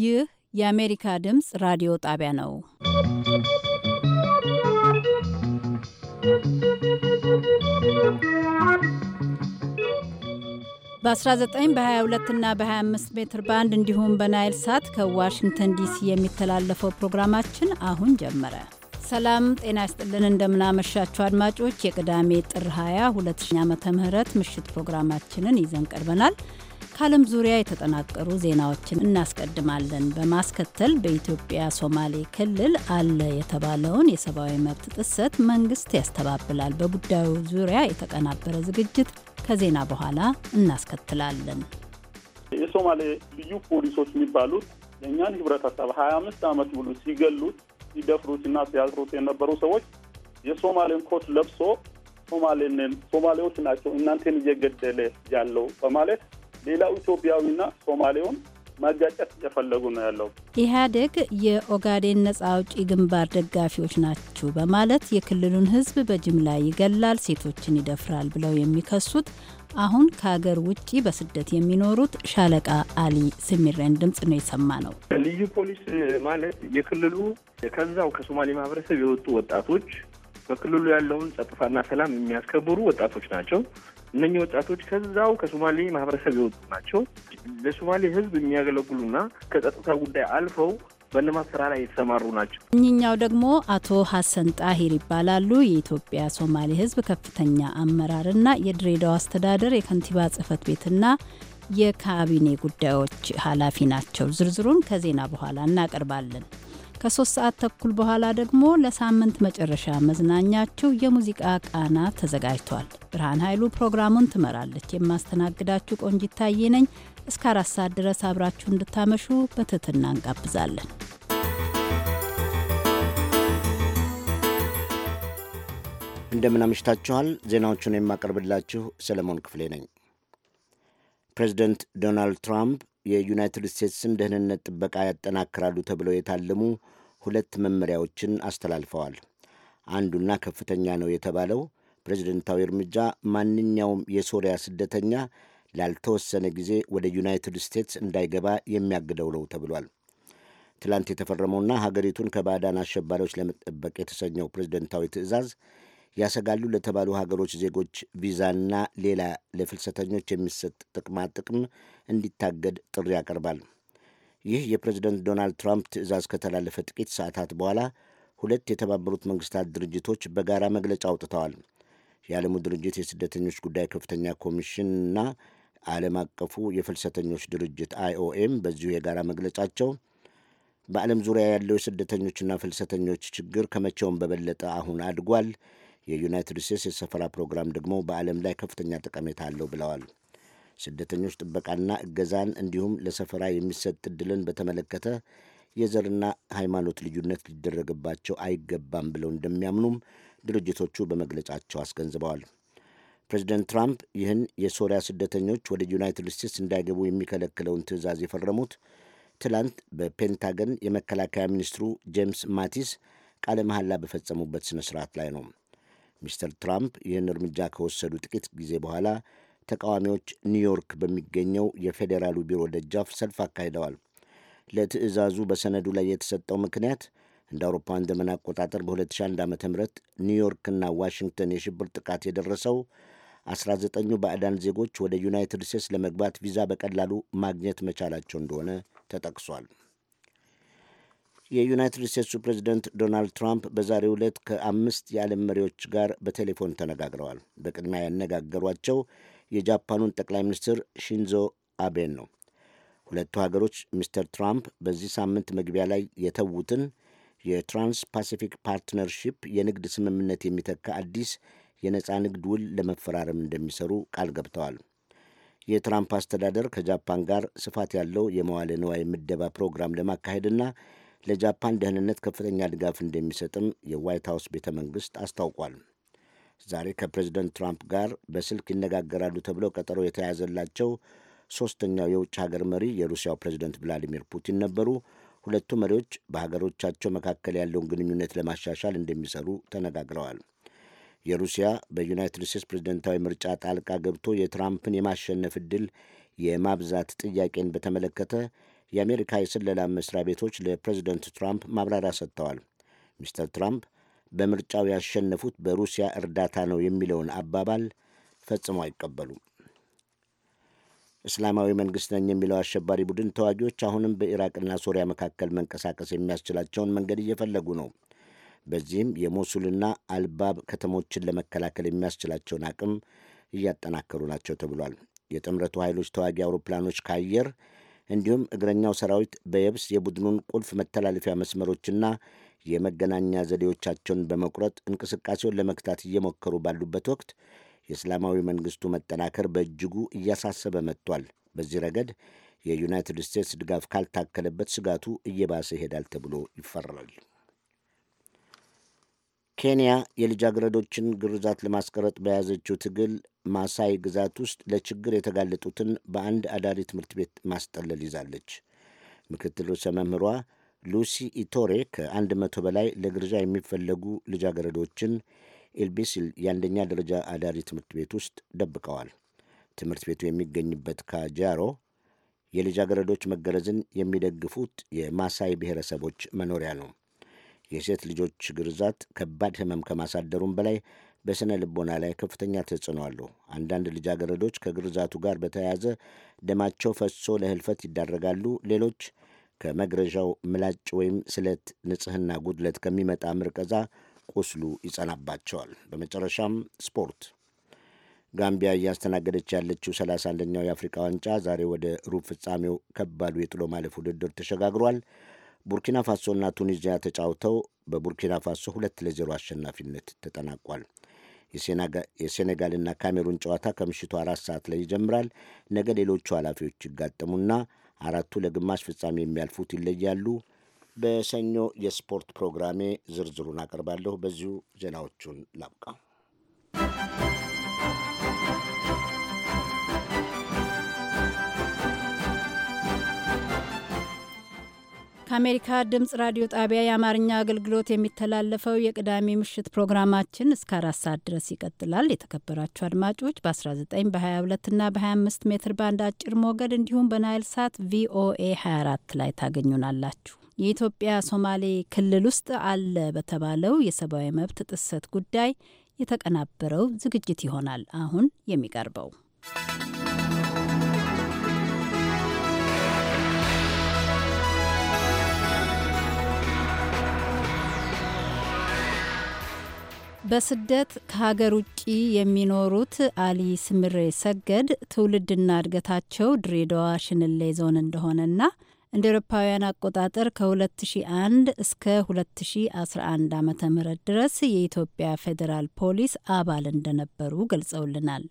ይህ የአሜሪካ ድምፅ ራዲዮ ጣቢያ ነው። በ19 በ22 እና በ25 ሜትር ባንድ እንዲሁም በናይል ሳት ከዋሽንግተን ዲሲ የሚተላለፈው ፕሮግራማችን አሁን ጀመረ። ሰላም ጤና ይስጥልን። እንደምናመሻችሁ አድማጮች፣ የቅዳሜ ጥር 20 2000 ዓ ም ምሽት ፕሮግራማችንን ይዘን ቀርበናል። ከዓለም ዙሪያ የተጠናቀሩ ዜናዎችን እናስቀድማለን። በማስከተል በኢትዮጵያ ሶማሌ ክልል አለ የተባለውን የሰብአዊ መብት ጥሰት መንግስት ያስተባብላል። በጉዳዩ ዙሪያ የተቀናበረ ዝግጅት ከዜና በኋላ እናስከትላለን። የሶማሌ ልዩ ፖሊሶች የሚባሉት የእኛን ህብረተሰብ ሀያ አምስት ዓመት ሙሉ ሲገሉት እና ሲያስሩት የነበሩ ሰዎች የሶማሌን ኮት ለብሶ ሶማሌንን ሶማሌዎች ናቸው እናንተን እየገደለ ያለው በማለት ሌላው ኢትዮጵያዊና ሶማሌውን ማጋጨት እየፈለጉ ነው ያለው። ኢህአዴግ የኦጋዴን ነጻ አውጪ ግንባር ደጋፊዎች ናችሁ በማለት የክልሉን ሕዝብ በጅምላ ይገላል፣ ሴቶችን ይደፍራል ብለው የሚከሱት አሁን ከሀገር ውጭ በስደት የሚኖሩት ሻለቃ አሊ ስሚረን ድምጽ ነው የሰማ ነው። ልዩ ፖሊስ ማለት የክልሉ ከዛው ከሶማሌ ማህበረሰብ የወጡ ወጣቶች በክልሉ ያለውን ጸጥታና ሰላም የሚያስከብሩ ወጣቶች ናቸው። እነኚህ ወጣቶች ከዛው ከሶማሌ ማህበረሰብ የወጡ ናቸው። ለሶማሌ ህዝብ የሚያገለግሉና ከጸጥታ ጉዳይ አልፈው በልማት ስራ ላይ የተሰማሩ ናቸው። እኚኛው ደግሞ አቶ ሀሰን ጣሂር ይባላሉ። የኢትዮጵያ ሶማሌ ህዝብ ከፍተኛ አመራርና የድሬዳዋ አስተዳደር የከንቲባ ጽህፈት ቤትና የካቢኔ ጉዳዮች ኃላፊ ናቸው። ዝርዝሩን ከዜና በኋላ እናቀርባለን። ከሶስት ሰዓት ተኩል በኋላ ደግሞ ለሳምንት መጨረሻ መዝናኛችሁ የሙዚቃ ቃና ተዘጋጅቷል። ብርሃን ኃይሉ ፕሮግራሙን ትመራለች። የማስተናግዳችሁ ቆንጂት ታዬ ነኝ። እስከ አራት ሰዓት ድረስ አብራችሁ እንድታመሹ በትህትና እንጋብዛለን። እንደምን አምሽታችኋል። ዜናዎቹን የማቀርብላችሁ ሰለሞን ክፍሌ ነኝ። ፕሬዚደንት ዶናልድ ትራምፕ የዩናይትድ ስቴትስን ደህንነት ጥበቃ ያጠናክራሉ ተብለው የታለሙ ሁለት መመሪያዎችን አስተላልፈዋል። አንዱና ከፍተኛ ነው የተባለው ፕሬዝደንታዊ እርምጃ ማንኛውም የሶሪያ ስደተኛ ላልተወሰነ ጊዜ ወደ ዩናይትድ ስቴትስ እንዳይገባ የሚያግደው ነው ተብሏል። ትላንት የተፈረመውና ሀገሪቱን ከባዕዳን አሸባሪዎች ለመጠበቅ የተሰኘው ፕሬዝደንታዊ ትዕዛዝ ያሰጋሉ ለተባሉ ሀገሮች ዜጎች ቪዛና ሌላ ለፍልሰተኞች የሚሰጥ ጥቅማ ጥቅም እንዲታገድ ጥሪ ያቀርባል። ይህ የፕሬዝደንት ዶናልድ ትራምፕ ትዕዛዝ ከተላለፈ ጥቂት ሰዓታት በኋላ ሁለት የተባበሩት መንግስታት ድርጅቶች በጋራ መግለጫ አውጥተዋል። የዓለሙ ድርጅት የስደተኞች ጉዳይ ከፍተኛ ኮሚሽንና ዓለም አቀፉ የፍልሰተኞች ድርጅት አይኦኤም በዚሁ የጋራ መግለጫቸው በዓለም ዙሪያ ያለው የስደተኞችና ፍልሰተኞች ችግር ከመቼውም በበለጠ አሁን አድጓል፣ የዩናይትድ ስቴትስ የሰፈራ ፕሮግራም ደግሞ በዓለም ላይ ከፍተኛ ጠቀሜታ አለው ብለዋል። ስደተኞች ጥበቃና እገዛን እንዲሁም ለሰፈራ የሚሰጥ ዕድልን በተመለከተ የዘርና ሃይማኖት ልዩነት ሊደረግባቸው አይገባም ብለው እንደሚያምኑም ድርጅቶቹ በመግለጫቸው አስገንዝበዋል። ፕሬዚደንት ትራምፕ ይህን የሶሪያ ስደተኞች ወደ ዩናይትድ ስቴትስ እንዳይገቡ የሚከለክለውን ትዕዛዝ የፈረሙት ትላንት በፔንታገን የመከላከያ ሚኒስትሩ ጄምስ ማቲስ ቃለ መሐላ በፈጸሙበት ስነ ስርዓት ላይ ነው። ሚስተር ትራምፕ ይህን እርምጃ ከወሰዱ ጥቂት ጊዜ በኋላ ተቃዋሚዎች ኒውዮርክ በሚገኘው የፌዴራሉ ቢሮ ደጃፍ ሰልፍ አካሂደዋል። ለትዕዛዙ በሰነዱ ላይ የተሰጠው ምክንያት እንደ አውሮፓውያን ዘመን አቆጣጠር በ2001 ዓ ም ኒውዮርክና ዋሽንግተን የሽብር ጥቃት የደረሰው 19ኙ ባዕዳን ዜጎች ወደ ዩናይትድ ስቴትስ ለመግባት ቪዛ በቀላሉ ማግኘት መቻላቸው እንደሆነ ተጠቅሷል። የዩናይትድ ስቴትሱ ፕሬዚደንት ዶናልድ ትራምፕ በዛሬው ዕለት ከአምስት የዓለም መሪዎች ጋር በቴሌፎን ተነጋግረዋል። በቅድሚያ ያነጋገሯቸው የጃፓኑን ጠቅላይ ሚኒስትር ሺንዞ አቤን ነው። ሁለቱ ሀገሮች ሚስተር ትራምፕ በዚህ ሳምንት መግቢያ ላይ የተዉትን የትራንስ ፓሲፊክ ፓርትነርሺፕ የንግድ ስምምነት የሚተካ አዲስ የነፃ ንግድ ውል ለመፈራረም እንደሚሰሩ ቃል ገብተዋል። የትራምፕ አስተዳደር ከጃፓን ጋር ስፋት ያለው የመዋለ ንዋይ ምደባ ፕሮግራም ለማካሄድና ለጃፓን ደህንነት ከፍተኛ ድጋፍ እንደሚሰጥም የዋይት ሀውስ ቤተ መንግስት አስታውቋል። ዛሬ ከፕሬዚደንት ትራምፕ ጋር በስልክ ይነጋገራሉ ተብለው ቀጠሮ የተያዘላቸው ሦስተኛው የውጭ ሀገር መሪ የሩሲያው ፕሬዚደንት ቭላዲሚር ፑቲን ነበሩ። ሁለቱ መሪዎች በሀገሮቻቸው መካከል ያለውን ግንኙነት ለማሻሻል እንደሚሰሩ ተነጋግረዋል። የሩሲያ በዩናይትድ ስቴትስ ፕሬዝደንታዊ ምርጫ ጣልቃ ገብቶ የትራምፕን የማሸነፍ ዕድል የማብዛት ጥያቄን በተመለከተ የአሜሪካ የስለላ መስሪያ ቤቶች ለፕሬዝደንት ትራምፕ ማብራሪያ ሰጥተዋል። ሚስተር ትራምፕ በምርጫው ያሸነፉት በሩሲያ እርዳታ ነው የሚለውን አባባል ፈጽሞ አይቀበሉም። እስላማዊ መንግሥት ነኝ የሚለው አሸባሪ ቡድን ተዋጊዎች አሁንም በኢራቅና ሶሪያ መካከል መንቀሳቀስ የሚያስችላቸውን መንገድ እየፈለጉ ነው። በዚህም የሞሱልና አልባብ ከተሞችን ለመከላከል የሚያስችላቸውን አቅም እያጠናከሩ ናቸው ተብሏል። የጥምረቱ ኃይሎች ተዋጊ አውሮፕላኖች ከአየር እንዲሁም እግረኛው ሰራዊት በየብስ የቡድኑን ቁልፍ መተላለፊያ መስመሮችና የመገናኛ ዘዴዎቻቸውን በመቁረጥ እንቅስቃሴውን ለመክታት እየሞከሩ ባሉበት ወቅት የእስላማዊ መንግስቱ መጠናከር በእጅጉ እያሳሰበ መጥቷል። በዚህ ረገድ የዩናይትድ ስቴትስ ድጋፍ ካልታከለበት ስጋቱ እየባሰ ይሄዳል ተብሎ ይፈራል። ኬንያ የልጃገረዶችን ግርዛት ለማስቀረጥ በያዘችው ትግል ማሳይ ግዛት ውስጥ ለችግር የተጋለጡትን በአንድ አዳሪ ትምህርት ቤት ማስጠለል ይዛለች። ምክትል ርዕሰ መምህሯ ሉሲ ኢቶሬ ከአንድ መቶ በላይ ለግርዣ የሚፈለጉ ልጃገረዶችን ኤልቢስል የአንደኛ ደረጃ አዳሪ ትምህርት ቤት ውስጥ ደብቀዋል። ትምህርት ቤቱ የሚገኝበት ካጃሮ የልጃገረዶች መገረዝን የሚደግፉት የማሳይ ብሔረሰቦች መኖሪያ ነው። የሴት ልጆች ግርዛት ከባድ ህመም ከማሳደሩም በላይ በሥነ ልቦና ላይ ከፍተኛ ተጽዕኖ አለው። አንዳንድ ልጃገረዶች ከግርዛቱ ጋር በተያያዘ ደማቸው ፈሶ ለህልፈት ይዳረጋሉ። ሌሎች ከመግረዣው ምላጭ ወይም ስለት ንጽህና ጉድለት ከሚመጣ ምርቀዛ ቁስሉ ይጸናባቸዋል። በመጨረሻም ስፖርት። ጋምቢያ እያስተናገደች ያለችው 31ኛው የአፍሪካ ዋንጫ ዛሬ ወደ ሩብ ፍጻሜው ከባዱ የጥሎ ማለፍ ውድድር ተሸጋግሯል። ቡርኪና ፋሶና ቱኒዚያ ተጫውተው በቡርኪና ፋሶ ሁለት ለዜሮ አሸናፊነት ተጠናቋል። የሴኔጋልና ካሜሩን ጨዋታ ከምሽቱ አራት ሰዓት ላይ ይጀምራል። ነገ ሌሎቹ ኃላፊዎች ይጋጠሙና አራቱ ለግማሽ ፍጻሜ የሚያልፉት ይለያሉ። በሰኞ የስፖርት ፕሮግራሜ ዝርዝሩን አቀርባለሁ። በዚሁ ዜናዎቹን ላብቃ። ከአሜሪካ ድምፅ ራዲዮ ጣቢያ የአማርኛ አገልግሎት የሚተላለፈው የቅዳሜ ምሽት ፕሮግራማችን እስከ አራት ሰዓት ድረስ ይቀጥላል። የተከበራችሁ አድማጮች በ19 በ22 እና በ25 ሜትር ባንድ አጭር ሞገድ እንዲሁም በናይል ሳት ቪኦኤ 24 ላይ ታገኙናላችሁ። የኢትዮጵያ ሶማሌ ክልል ውስጥ አለ በተባለው የሰብአዊ መብት ጥሰት ጉዳይ የተቀናበረው ዝግጅት ይሆናል አሁን የሚቀርበው በስደት ከሀገር ውጭ የሚኖሩት አሊ ስምሬ ሰገድ ትውልድና እድገታቸው ድሬዳዋ ሽንሌ ዞን እንደሆነና እንደ ኤሮፓውያን አቆጣጠር ከ2001 እስከ 2011 ዓ ም ድረስ የኢትዮጵያ ፌዴራል ፖሊስ አባል እንደነበሩ ገልጸውልናል።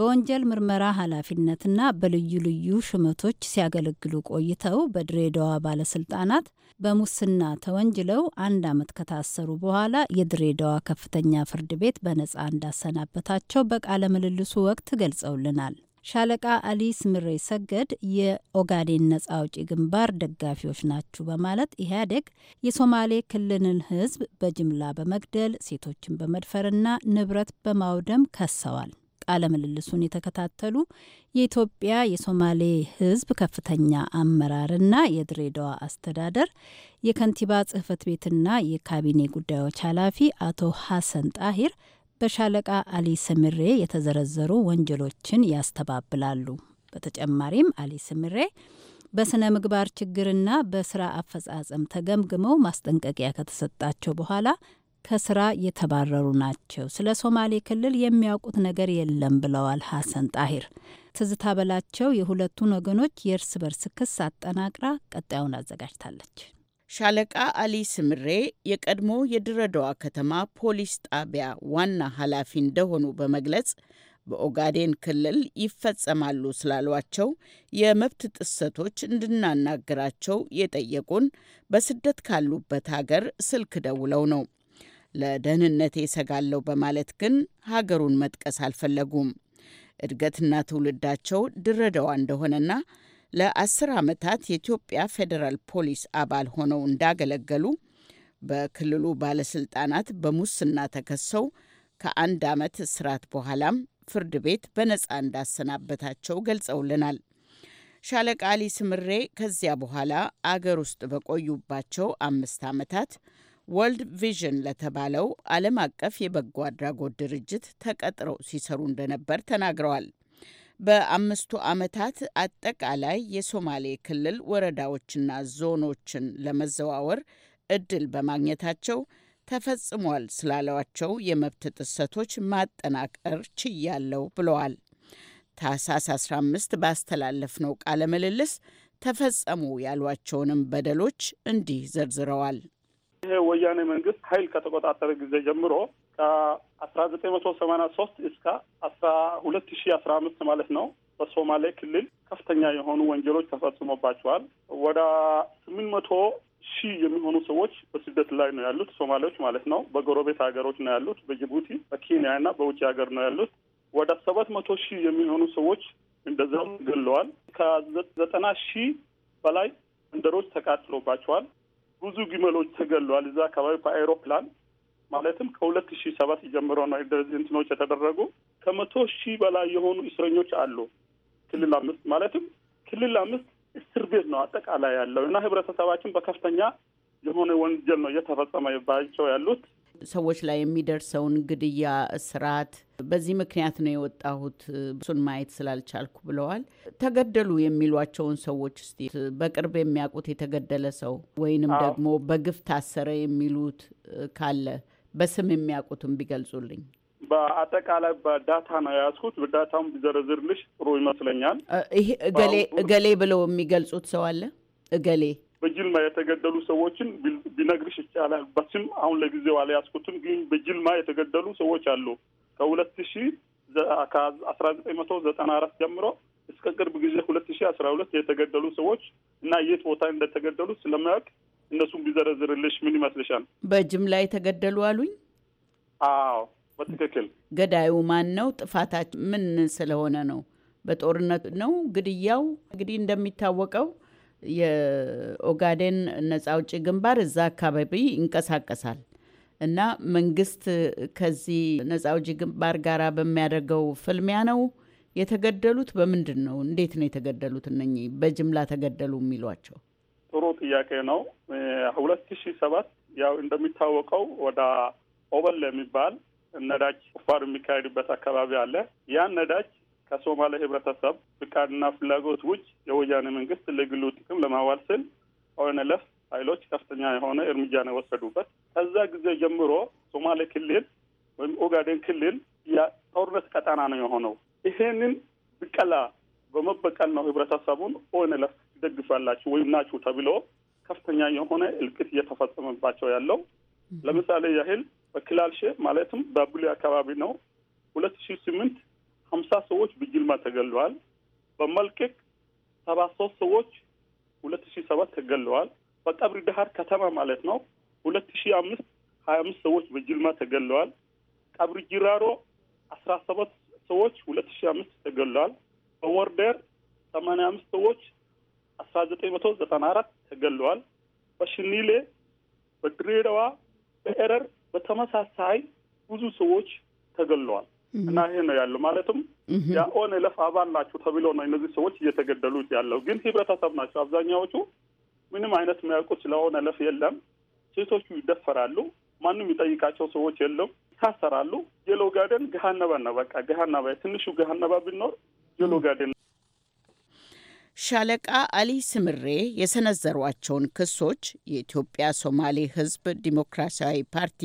በወንጀል ምርመራ ኃላፊነትና በልዩ ልዩ ሹመቶች ሲያገለግሉ ቆይተው በድሬዳዋ ባለስልጣናት በሙስና ተወንጅለው አንድ ዓመት ከታሰሩ በኋላ የድሬዳዋ ከፍተኛ ፍርድ ቤት በነጻ እንዳሰናበታቸው በቃለ ምልልሱ ወቅት ገልጸውልናል። ሻለቃ አሊ ስምሬ ሰገድ የኦጋዴን ነጻ አውጪ ግንባር ደጋፊዎች ናችሁ በማለት ኢህአዴግ የሶማሌ ክልልን ህዝብ በጅምላ በመግደል ሴቶችን በመድፈርና ንብረት በማውደም ከሰዋል። ቃለ ምልልሱን የተከታተሉ የኢትዮጵያ የሶማሌ ሕዝብ ከፍተኛ አመራርና የድሬዳዋ አስተዳደር የከንቲባ ጽህፈት ቤትና የካቢኔ ጉዳዮች ኃላፊ አቶ ሐሰን ጣሂር በሻለቃ አሊ ስምሬ የተዘረዘሩ ወንጀሎችን ያስተባብላሉ። በተጨማሪም አሊ ስምሬ በስነ ምግባር ችግርና በስራ አፈጻጸም ተገምግመው ማስጠንቀቂያ ከተሰጣቸው በኋላ ከስራ የተባረሩ ናቸው። ስለ ሶማሌ ክልል የሚያውቁት ነገር የለም ብለዋል ሐሰን ጣሂር። ትዝታ በላቸው የሁለቱን ወገኖች የእርስ በርስ ክስ አጠናቅራ ቀጣዩን አዘጋጅታለች። ሻለቃ አሊ ስምሬ የቀድሞ የድረዳዋ ከተማ ፖሊስ ጣቢያ ዋና ኃላፊ እንደሆኑ በመግለጽ በኦጋዴን ክልል ይፈጸማሉ ስላሏቸው የመብት ጥሰቶች እንድናናግራቸው የጠየቁን በስደት ካሉበት ሀገር ስልክ ደውለው ነው። ለደህንነቴ እሰጋለሁ በማለት ግን ሀገሩን መጥቀስ አልፈለጉም። እድገትና ትውልዳቸው ድሬዳዋ እንደሆነና ለአስር ዓመታት የኢትዮጵያ ፌዴራል ፖሊስ አባል ሆነው እንዳገለገሉ በክልሉ ባለስልጣናት በሙስና ተከሰው ከአንድ ዓመት እስራት በኋላም ፍርድ ቤት በነፃ እንዳሰናበታቸው ገልጸውልናል። ሻለቃ አሊ ስምሬ ከዚያ በኋላ አገር ውስጥ በቆዩባቸው አምስት ዓመታት ወርልድ ቪዥን ለተባለው ዓለም አቀፍ የበጎ አድራጎት ድርጅት ተቀጥረው ሲሰሩ እንደነበር ተናግረዋል። በአምስቱ ዓመታት አጠቃላይ የሶማሌ ክልል ወረዳዎችና ዞኖችን ለመዘዋወር እድል በማግኘታቸው ተፈጽሟል ስላለዋቸው የመብት ጥሰቶች ማጠናቀር ችያለው ብለዋል። ታህሳስ 15 ባስተላለፍነው ቃለ ምልልስ ተፈጸሙ ያሏቸውንም በደሎች እንዲህ ዘርዝረዋል። ይሄ ወያኔ መንግስት ኃይል ከተቆጣጠረ ጊዜ ጀምሮ ከአስራ ዘጠኝ መቶ ሰማኒያ ሶስት እስከ አስራ ሁለት ሺ አስራ አምስት ማለት ነው በሶማሌ ክልል ከፍተኛ የሆኑ ወንጀሎች ተፈጽሞባቸዋል። ወደ ስምንት መቶ ሺህ የሚሆኑ ሰዎች በስደት ላይ ነው ያሉት ሶማሌዎች ማለት ነው። በጎረቤት ሀገሮች ነው ያሉት፣ በጅቡቲ በኬንያ እና በውጭ ሀገር ነው ያሉት። ወደ ሰባት መቶ ሺህ የሚሆኑ ሰዎች እንደዛም ገለዋል። ከዘጠና ሺህ በላይ መንደሮች ተቃጥሎባቸዋል። ብዙ ግመሎች ተገሏል። እዛ አካባቢ በአይሮፕላን ማለትም ከሁለት ሺህ ሰባት ጀምሮ ነው እንትኖች የተደረጉ ከመቶ ሺህ በላይ የሆኑ እስረኞች አሉ። ክልል አምስት ማለትም ክልል አምስት እስር ቤት ነው አጠቃላይ ያለው እና ህብረተሰባችን በከፍተኛ የሆነ ወንጀል ነው እየተፈጸመባቸው ያሉት። ሰዎች ላይ የሚደርሰውን ግድያ፣ እስራት በዚህ ምክንያት ነው የወጣሁት እሱን ማየት ስላልቻልኩ ብለዋል። ተገደሉ የሚሏቸውን ሰዎች እስቲ በቅርብ የሚያውቁት የተገደለ ሰው ወይንም ደግሞ በግፍ ታሰረ የሚሉት ካለ በስም የሚያውቁትም ቢገልጹልኝ። በአጠቃላይ በዳታ ነው የያዝኩት። በዳታውን ቢዘረዝርልሽ ጥሩ ይመስለኛል። ይሄ እገሌ እገሌ ብለው የሚገልጹት ሰው አለ እገሌ በጅልማ የተገደሉ ሰዎችን ቢነግርሽ ይቻላል። በስም አሁን ለጊዜው አልያዝኩትም፣ ግን በጅልማ የተገደሉ ሰዎች አሉ ከሁለት ሺ ከአስራ ዘጠኝ መቶ ዘጠና አራት ጀምሮ እስከ ቅርብ ጊዜ ሁለት ሺ አስራ ሁለት የተገደሉ ሰዎች እና የት ቦታ እንደተገደሉ ስለማያውቅ እነሱን ቢዘረዝርልሽ ምን ይመስልሻል? በጅምላ የተገደሉ አሉኝ? አዎ በትክክል ገዳዩ ማን ነው? ጥፋታች ምን ስለሆነ ነው? በጦርነት ነው ግድያው? እንግዲህ እንደሚታወቀው የኦጋዴን ነጻ አውጪ ግንባር እዛ አካባቢ ይንቀሳቀሳል እና መንግስት ከዚህ ነጻ አውጪ ግንባር ጋር በሚያደርገው ፍልሚያ ነው የተገደሉት። በምንድን ነው? እንዴት ነው የተገደሉት? እነኚህ በጅምላ ተገደሉ የሚሏቸው ጥሩ ጥያቄ ነው። ሁለት ሺ ሰባት ያው እንደሚታወቀው ወደ ኦበል የሚባል ነዳጅ ቁፋር የሚካሄድበት አካባቢ አለ። ያን ነዳጅ ከሶማሌ ህብረተሰብ ፍቃድና ፍላጎት ውጭ የወያኔ መንግስት ለግሉ ጥቅም ለማዋል ስል ኦነለፍ ኃይሎች ከፍተኛ የሆነ እርምጃ ነው የወሰዱበት። ከዛ ጊዜ ጀምሮ ሶማሌ ክልል ወይም ኦጋዴን ክልል የጦርነት ቀጠና ነው የሆነው። ይሄንን ብቀላ በመበቀል ነው ህብረተሰቡን ኦንለፍ ትደግፋላችሁ ወይም ናችሁ ተብሎ ከፍተኛ የሆነ እልቅት እየተፈጸመባቸው ያለው ለምሳሌ ያህል በክላልሼ ማለትም በቡሌ አካባቢ ነው ሁለት ሺህ ስምንት ሀምሳ ሰዎች በጅምላ ተገለዋል። በመልቀቅ ሰባ ሶስት ሰዎች ሁለት ሺ ሰባት ተገለዋል። በቀብሪ ዳሀር ከተማ ማለት ነው ሁለት ሺ አምስት ሀያ አምስት ሰዎች በጅምላ ተገለዋል። ቀብሪ ጅራሮ አስራ ሰባት ሰዎች ሁለት ሺ አምስት ተገለዋል። በወርደር ሰማንያ አምስት ሰዎች አስራ ዘጠኝ መቶ ዘጠና አራት ተገለዋል። በሽኒሌ በድሬዳዋ በኤረር በተመሳሳይ ብዙ ሰዎች ተገለዋል። እና ይሄ ነው ያለው። ማለትም የኦነለፍ አባል አባላችሁ ተብሎ ነው እነዚህ ሰዎች እየተገደሉት ያለው። ግን ህብረተሰብ ናቸው አብዛኛዎቹ። ምንም አይነት የሚያውቁት ስለ ለፍ የለም። ሴቶቹ ይደፈራሉ። ማንም የሚጠይቃቸው ሰዎች የለም። ይታሰራሉ። የሎ ጋደን ገሀነባ ነው። በቃ ገሀነባ ትንሹ ገሀነባ ቢኖር የሎ ጋደን። ሻለቃ አሊ ስምሬ የሰነዘሯቸውን ክሶች የኢትዮጵያ ሶማሌ ህዝብ ዲሞክራሲያዊ ፓርቲ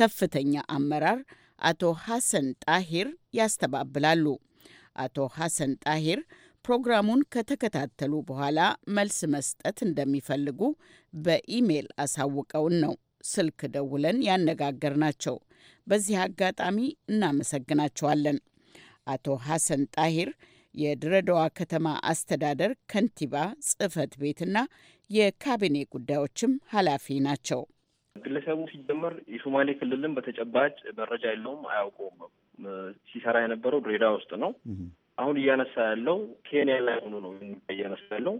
ከፍተኛ አመራር አቶ ሐሰን ጣሂር ያስተባብላሉ። አቶ ሐሰን ጣሂር ፕሮግራሙን ከተከታተሉ በኋላ መልስ መስጠት እንደሚፈልጉ በኢሜል አሳውቀውን ነው ስልክ ደውለን ያነጋገርናቸው። በዚህ አጋጣሚ እናመሰግናቸዋለን። አቶ ሐሰን ጣሂር የድረዳዋ ከተማ አስተዳደር ከንቲባ ጽሕፈት ቤትና የካቢኔ ጉዳዮችም ኃላፊ ናቸው። ግለሰቡ ሲጀመር የሶማሌ ክልልን በተጨባጭ መረጃ የለውም፣ አያውቀውም። ሲሰራ የነበረው ድሬዳዋ ውስጥ ነው። አሁን እያነሳ ያለው ኬንያ ላይ ሆኖ ነው እያነሳ ያለው።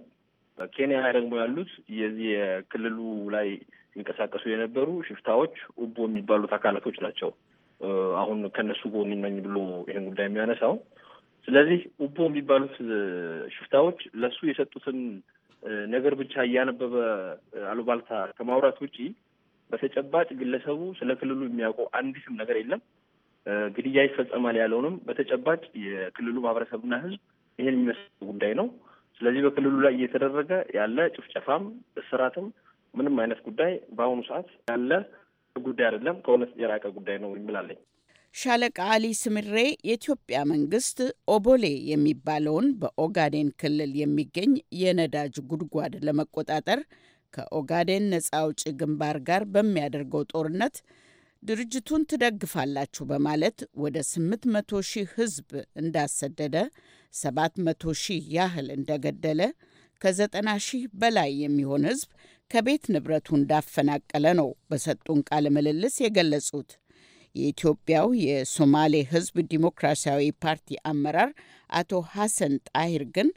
ኬንያ ላይ ደግሞ ያሉት የዚህ የክልሉ ላይ ሲንቀሳቀሱ የነበሩ ሽፍታዎች፣ ኡቦ የሚባሉት አካላቶች ናቸው። አሁን ከነሱ ጎን ነኝ ብሎ ይህን ጉዳይ የሚያነሳው ስለዚህ ኡቦ የሚባሉት ሽፍታዎች ለሱ የሰጡትን ነገር ብቻ እያነበበ አሉባልታ ከማውራት ውጪ በተጨባጭ ግለሰቡ ስለ ክልሉ የሚያውቀው አንዲትም ነገር የለም። ግድያ ይፈጸማል ያለውንም በተጨባጭ የክልሉ ማህበረሰብና ህዝብ ይህን የሚመስል ጉዳይ ነው። ስለዚህ በክልሉ ላይ እየተደረገ ያለ ጭፍጨፋም፣ እስራትም ምንም አይነት ጉዳይ በአሁኑ ሰዓት ያለ ጉዳይ አይደለም። ከእውነት የራቀ ጉዳይ ነው ይምላለኝ። ሻለቃ አሊ ስምሬ የኢትዮጵያ መንግስት ኦቦሌ የሚባለውን በኦጋዴን ክልል የሚገኝ የነዳጅ ጉድጓድ ለመቆጣጠር ከኦጋዴን ነፃ አውጪ ግንባር ጋር በሚያደርገው ጦርነት ድርጅቱን ትደግፋላችሁ በማለት ወደ 800 ሺህ ህዝብ እንዳሰደደ፣ 700 ሺህ ያህል እንደገደለ፣ ከ90 ሺህ በላይ የሚሆን ህዝብ ከቤት ንብረቱ እንዳፈናቀለ ነው በሰጡን ቃለ ምልልስ የገለጹት። የኢትዮጵያው የሶማሌ ህዝብ ዲሞክራሲያዊ ፓርቲ አመራር አቶ ሐሰን ጣሂር ግን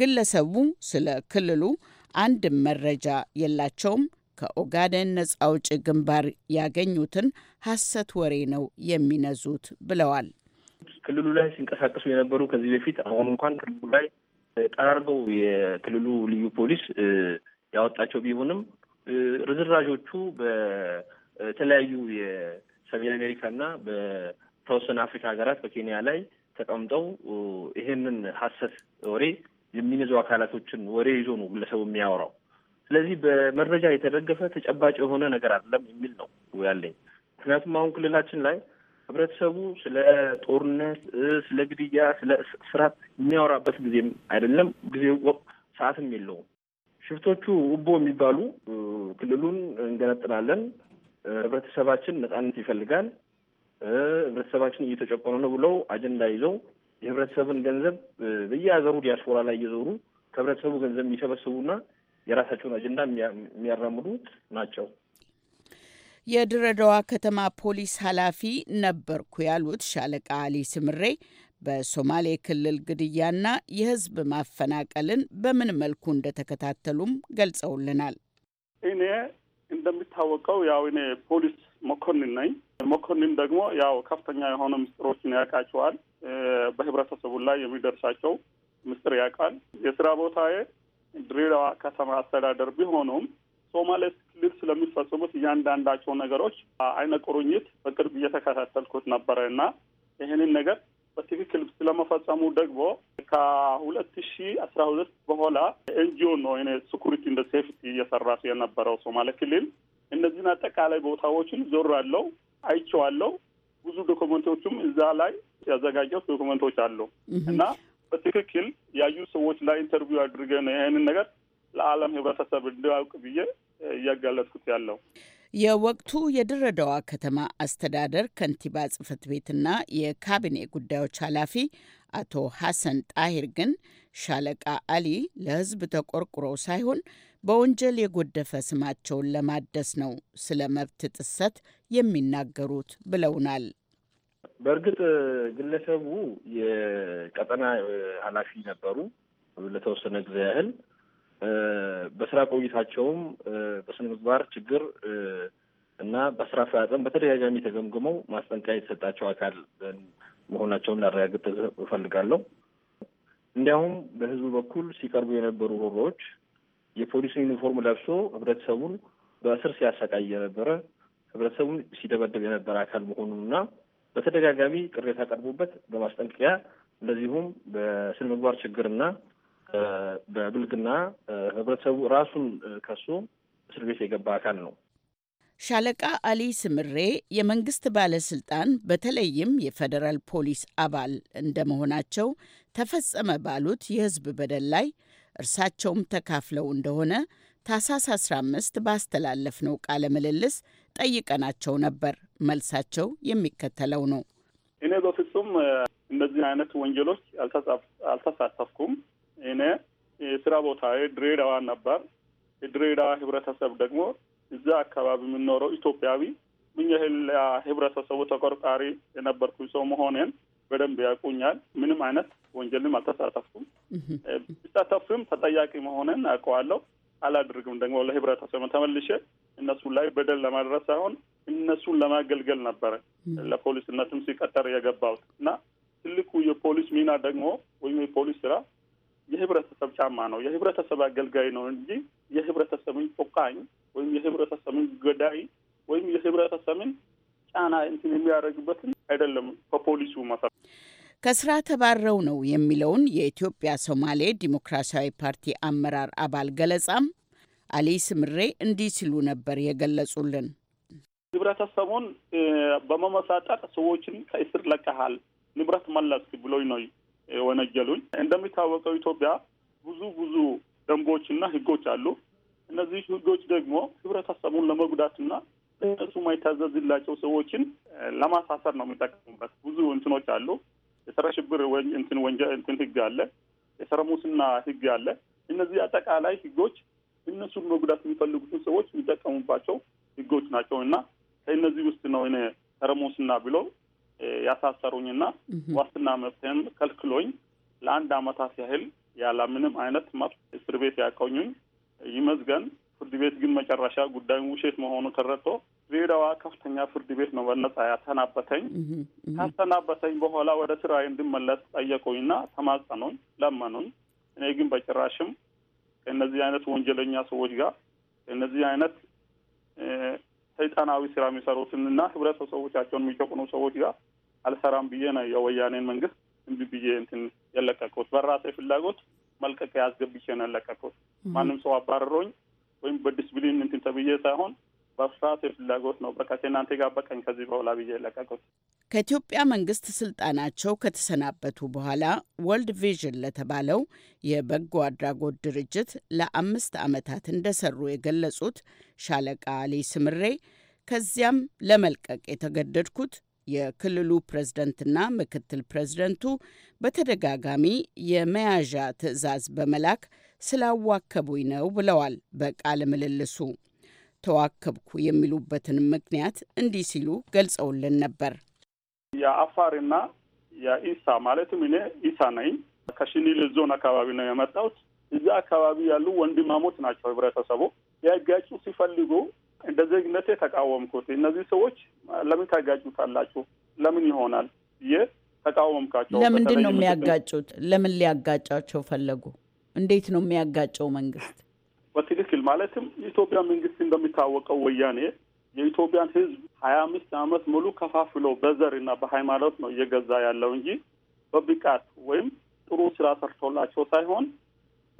ግለሰቡ ስለ ክልሉ አንድም መረጃ የላቸውም። ከኦጋዴን ነጻ አውጪ ግንባር ያገኙትን ሐሰት ወሬ ነው የሚነዙት ብለዋል። ክልሉ ላይ ሲንቀሳቀሱ የነበሩ ከዚህ በፊት አሁን እንኳን ክልሉ ላይ ጠራርገው የክልሉ ልዩ ፖሊስ ያወጣቸው ቢሆንም ርዝራዦቹ በተለያዩ የሰሜን አሜሪካ አሜሪካና በተወሰነ አፍሪካ ሀገራት በኬንያ ላይ ተቀምጠው ይሄንን ሐሰት ወሬ የሚነዙ አካላቶችን ወሬ ይዞ ነው ግለሰቡ የሚያወራው። ስለዚህ በመረጃ የተደገፈ ተጨባጭ የሆነ ነገር አይደለም የሚል ነው ያለኝ። ምክንያቱም አሁን ክልላችን ላይ ህብረተሰቡ ስለ ጦርነት፣ ስለ ግድያ፣ ስለ ስራት የሚያወራበት ጊዜም አይደለም ጊዜው ሰዓትም የለውም። ሽፍቶቹ ውቦ የሚባሉ ክልሉን እንገነጥናለን ህብረተሰባችን ነጻነት ይፈልጋል፣ ህብረተሰባችን እየተጨቆነ ነው ብለው አጀንዳ ይዘው የህብረተሰብን ገንዘብ በየሀገሩ ዲያስፖራ ላይ እየዞሩ ከህብረተሰቡ ገንዘብ የሚሰበስቡና የራሳቸውን አጀንዳ የሚያራምዱ ናቸው። የድሬዳዋ ከተማ ፖሊስ ኃላፊ ነበርኩ ያሉት ሻለቃ አሊ ስምሬ በሶማሌ ክልል ግድያና የህዝብ ማፈናቀልን በምን መልኩ እንደተከታተሉም ገልጸውልናል። እኔ እንደሚታወቀው ያው እኔ ፖሊስ መኮንን ነኝ። መኮንን ደግሞ ያው ከፍተኛ የሆነ ምስጢሮችን ያውቃቸዋል። በህብረተሰቡ ላይ የሚደርሳቸው ምስጢር ያውቃል። የስራ ቦታዬ ድሬዳዋ ከተማ አስተዳደር ቢሆኑም ሶማሌ ክልል ስለሚፈጽሙት እያንዳንዳቸው ነገሮች አይነ ቁርኝት በቅርብ እየተከታተልኩት ነበረ እና ይህንን ነገር በትክክል ስለመፈጸሙ ደግሞ ከሁለት ሺ አስራ ሁለት በኋላ ኤንጂኦ ነው ይ ስኩሪቲ እንደ ሴፍቲ እየሰራ የነበረው ሶማሌ ክልል እነዚህን አጠቃላይ ቦታዎችን ዞር አለው አይቼዋለሁ። ብዙ ዶክመንቶቹም እዛ ላይ ያዘጋጀው ዶክመንቶች አሉ እና በትክክል ያዩ ሰዎች ላይ ኢንተርቪው አድርገን ይህንን ነገር ለዓለም ህብረተሰብ እንዲያውቅ ብዬ እያጋለጥኩት ያለው የወቅቱ የድሬዳዋ ከተማ አስተዳደር ከንቲባ ጽህፈት ቤትና የካቢኔ ጉዳዮች ኃላፊ አቶ ሐሰን ጣሂር ግን ሻለቃ አሊ ለህዝብ ተቆርቁረው ሳይሆን በወንጀል የጎደፈ ስማቸውን ለማደስ ነው ስለ መብት ጥሰት የሚናገሩት ብለውናል። በእርግጥ ግለሰቡ የቀጠና ኃላፊ ነበሩ ለተወሰነ ጊዜ ያህል። በስራ ቆይታቸውም በስነ ምግባር ችግር እና በስራ አፈጻጸም በተደጋጋሚ ተገምግመው ማስጠንቀቂያ የተሰጣቸው አካል መሆናቸውን ላረጋግጥ እፈልጋለሁ። እንዲያውም በህዝቡ በኩል ሲቀርቡ የነበሩ ሮሮዎች የፖሊስን ዩኒፎርም ለብሶ ህብረተሰቡን በእስር ሲያሰቃይ የነበረ ህብረተሰቡን ሲደበደብ የነበረ አካል መሆኑን እና በተደጋጋሚ ቅሬታ ቀርቦበት በማስጠንቀቂያ እንደዚሁም በስነ ምግባር ችግርና በብልግና ህብረተሰቡ ራሱን ከሶ እስር ቤት የገባ አካል ነው። ሻለቃ አሊ ስምሬ የመንግስት ባለስልጣን በተለይም የፌዴራል ፖሊስ አባል እንደመሆናቸው ተፈጸመ ባሉት የህዝብ በደል ላይ እርሳቸውም ተካፍለው እንደሆነ ታህሳስ 15 ባስተላለፍነው ቃለ ምልልስ ጠይቀናቸው ነበር። መልሳቸው የሚከተለው ነው። እኔ በፍጹም እንደዚህ አይነት ወንጀሎች አልተሳተፍኩም። እኔ የስራ ቦታ ድሬዳዋ ነበር። የድሬዳዋ ህብረተሰብ ደግሞ እዛ አካባቢ የምኖረው ኢትዮጵያዊ ምን ያህል ህብረተሰቡ ተቆርቋሪ የነበርኩኝ ሰው መሆኔን በደንብ ያውቁኛል። ምንም አይነት ወንጀልም አልተሳተፍኩም። ብሳተፍም ተጠያቂ መሆንን አውቀዋለሁ። አላደርግም ደግሞ ለህብረተሰብ ተመልሼ እነሱን ላይ በደል ለማድረስ ሳይሆን እነሱን ለማገልገል ነበረ ለፖሊስነትም ሲቀጠር የገባሁት እና ትልቁ የፖሊስ ሚና ደግሞ ወይም የፖሊስ ስራ የህብረተሰብ ጫማ ነው። የህብረተሰብ አገልጋይ ነው እንጂ የህብረተሰብን ጮካኝ ወይም የህብረተሰብን ገዳይ ወይም የህብረተሰብን ጫና እንትን የሚያደርግበትን አይደለም ከፖሊሱ መሰረት ከስራ ተባረው ነው የሚለውን የኢትዮጵያ ሶማሌ ዲሞክራሲያዊ ፓርቲ አመራር አባል ገለጻም አሊ ስምሬ እንዲህ ሲሉ ነበር የገለጹልን። ህብረተሰቡን በመመሳጠር ሰዎችን ከእስር ለቀሃል፣ ንብረት መለስ ብሎኝ ነው ወነጀሉኝ። እንደሚታወቀው ኢትዮጵያ ብዙ ብዙ ደንቦችና ህጎች አሉ። እነዚህ ህጎች ደግሞ ህብረተሰቡን ለመጉዳትና እነሱ ማይታዘዝላቸው ሰዎችን ለማሳሰር ነው የሚጠቀሙበት። ብዙ እንትኖች አሉ። የጸረ ሽብር እንትን ወንጀ እንትን ህግ አለ፣ የጸረ ሙስና ህግ አለ። እነዚህ አጠቃላይ ህጎች እነሱን መጉዳት የሚፈልጉትን ሰዎች የሚጠቀሙባቸው ህጎች ናቸው እና ከእነዚህ ውስጥ ነው እኔ ጸረ ሙስና ብሎ ያሳሰሩኝና ዋስትና መብትህም ከልክሎኝ ለአንድ አመታት ያህል ምንም አይነት መብት እስር ቤት ያቆዩኝ። ይመዝገን ፍርድ ቤት ግን መጨረሻ ጉዳዩን ውሸት መሆኑ ተረድቶ ድሬዳዋ ከፍተኛ ፍርድ ቤት ነው መለስ ያሰናበተኝ። ካሰናበተኝ በኋላ ወደ ስራ እንድመለስ ጠየቁኝና ተማጸኑኝ፣ ለመኑኝ። እኔ ግን በጭራሽም ከእነዚህ አይነት ወንጀለኛ ሰዎች ጋር ከእነዚህ አይነት ሰይጣናዊ ስራ የሚሰሩትንና ህብረተሰቦቻቸውን የሚጨቁኑ ሰዎች ጋር አልሰራም ብዬ ነው የወያኔን መንግስት እንቢ ብዬ እንትን የለቀቁት። በራሴ ፍላጎት መልቀቅ ያስገብቼ ነው የለቀቁት። ማንም ሰው አባረሮኝ ወይም በዲስፕሊን እንትን ተብዬ ሳይሆን በስፋት የፍላጎት ነው። በቃ ከእናንተ ጋር በቀኝ ከዚህ በኋላ ብዬ ለቀቁት። ከኢትዮጵያ መንግስት ስልጣናቸው ከተሰናበቱ በኋላ ወርልድ ቪዥን ለተባለው የበጎ አድራጎት ድርጅት ለአምስት ዓመታት እንደሰሩ የገለጹት ሻለቃ አሊ ስምሬ ከዚያም ለመልቀቅ የተገደድኩት የክልሉ ፕሬዝደንትና ምክትል ፕሬዝደንቱ በተደጋጋሚ የመያዣ ትዕዛዝ በመላክ ስላዋከቡኝ ነው ብለዋል በቃለ ምልልሱ። ተዋከብኩ የሚሉበትን ምክንያት እንዲህ ሲሉ ገልጸውልን ነበር። የአፋርና የኢሳ ማለትም እኔ ኢሳ ነኝ። ከሽኒል ዞን አካባቢ ነው የመጣሁት። እዚ አካባቢ ያሉ ወንድማሞች ናቸው። ህብረተሰቡ ሊያጋጩ ሲፈልጉ እንደ ዜግነት ተቃወምኩት። እነዚህ ሰዎች ለምን ታጋጩታላችሁ? ለምን ይሆናል ብዬ ተቃወምካቸው። ለምንድን ነው የሚያጋጩት? ለምን ሊያጋጫቸው ፈለጉ? እንዴት ነው የሚያጋጨው መንግስት? ማለትም የኢትዮጵያ መንግስት እንደሚታወቀው ወያኔ የኢትዮጵያን ህዝብ ሀያ አምስት አመት ሙሉ ከፋፍሎ በዘር እና በሃይማኖት ነው እየገዛ ያለው እንጂ በብቃት ወይም ጥሩ ስራ ሰርቶላቸው ሳይሆን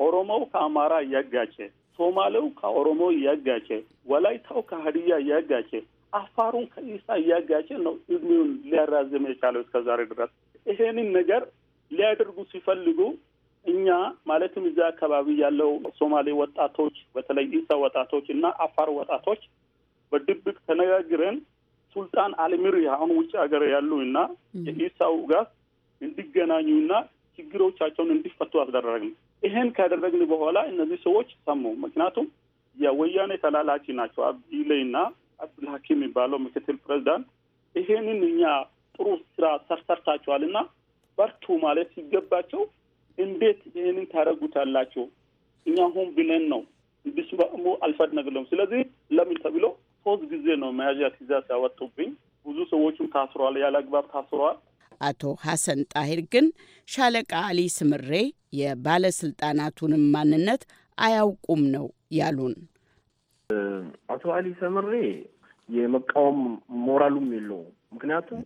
ኦሮሞው ከአማራ እያጋጨ፣ ሶማሌው ከኦሮሞ እያጋጨ፣ ወላይታው ከሀዲያ እያጋጨ፣ አፋሩን ከኢሳ እያጋጨ ነው እድሜውን ሊያራዝም የቻለው እስከ ዛሬ ድረስ። ይሄንን ነገር ሊያደርጉ ሲፈልጉ እኛ ማለትም እዚ አካባቢ ያለው ሶማሌ ወጣቶች በተለይ ኢሳ ወጣቶች እና አፋር ወጣቶች በድብቅ ተነጋግረን ሱልጣን አልሚር አሁን ውጭ ሀገር ያሉ እና የኢሳው ጋር እንዲገናኙ እና ችግሮቻቸውን እንዲፈቱ አስደረግን። ይሄን ካደረግን በኋላ እነዚህ ሰዎች ሰሙ። ምክንያቱም የወያኔ ተላላኪ ናቸው። አብዲሌ እና አብዱልሀኪም የሚባለው ምክትል ፕሬዚዳንት ይሄንን እኛ ጥሩ ስራ ሰርሰርታችኋል እና በርቱ ማለት ሲገባቸው እንዴት ይህንን ታደርጉታላችሁ? እኛ ሆን ብለን ነው እንዲስማሙ አልፈለግንም። ስለዚህ ለምን ተብሎ ሶስት ጊዜ ነው መያዣ ትዕዛዝ ያወጡብኝ። ብዙ ሰዎችም ታስሯል፣ ያለ አግባብ ታስሯል። አቶ ሐሰን ጣሂር ግን ሻለቃ አሊ ስምሬ የባለስልጣናቱንም ማንነት አያውቁም ነው ያሉን። አቶ አሊ ስምሬ የመቃወም ሞራሉም የለው ምክንያቱም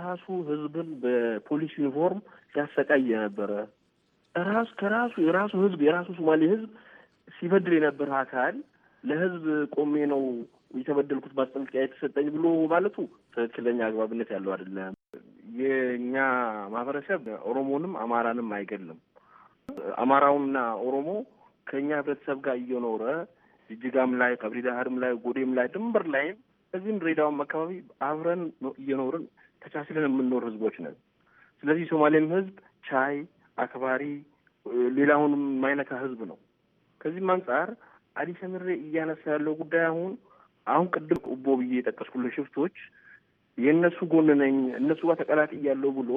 ራሱ ህዝብን በፖሊስ ዩኒፎርም ሲያሰቃይ የነበረ ራሱ ከራሱ የራሱ ህዝብ የራሱ ሶማሌ ህዝብ ሲበድል የነበረ አካል ለህዝብ ቆሜ ነው የተበደልኩት ማስጠንቀቂያ የተሰጠኝ ብሎ ማለቱ ትክክለኛ አግባብነት ያለው አይደለም። የእኛ ማህበረሰብ ኦሮሞንም አማራንም አይገልም አማራውና ኦሮሞ ከእኛ ህብረተሰብ ጋር እየኖረ ጅጅጋም ላይ፣ ቀብሪ ዳህርም ላይ፣ ጎዴም ላይ፣ ድንበር ላይም እዚህም ድሬዳዋም አካባቢ አብረን እየኖርን ተቻችለን የምንኖር ህዝቦች ነን። ስለዚህ የሶማሌም ህዝብ ቻይ አክባሪ፣ ሌላውንም የማይነካ ህዝብ ነው። ከዚህም አንጻር አሊ ሰምሬ እያነሳ ያለው ጉዳይ አሁን አሁን ቅድም ቁቦ ብዬ የጠቀስኩልን ሽፍቶች የእነሱ ጎን ነኝ እነሱ ጋር ተቀላቅያለሁ ብሎ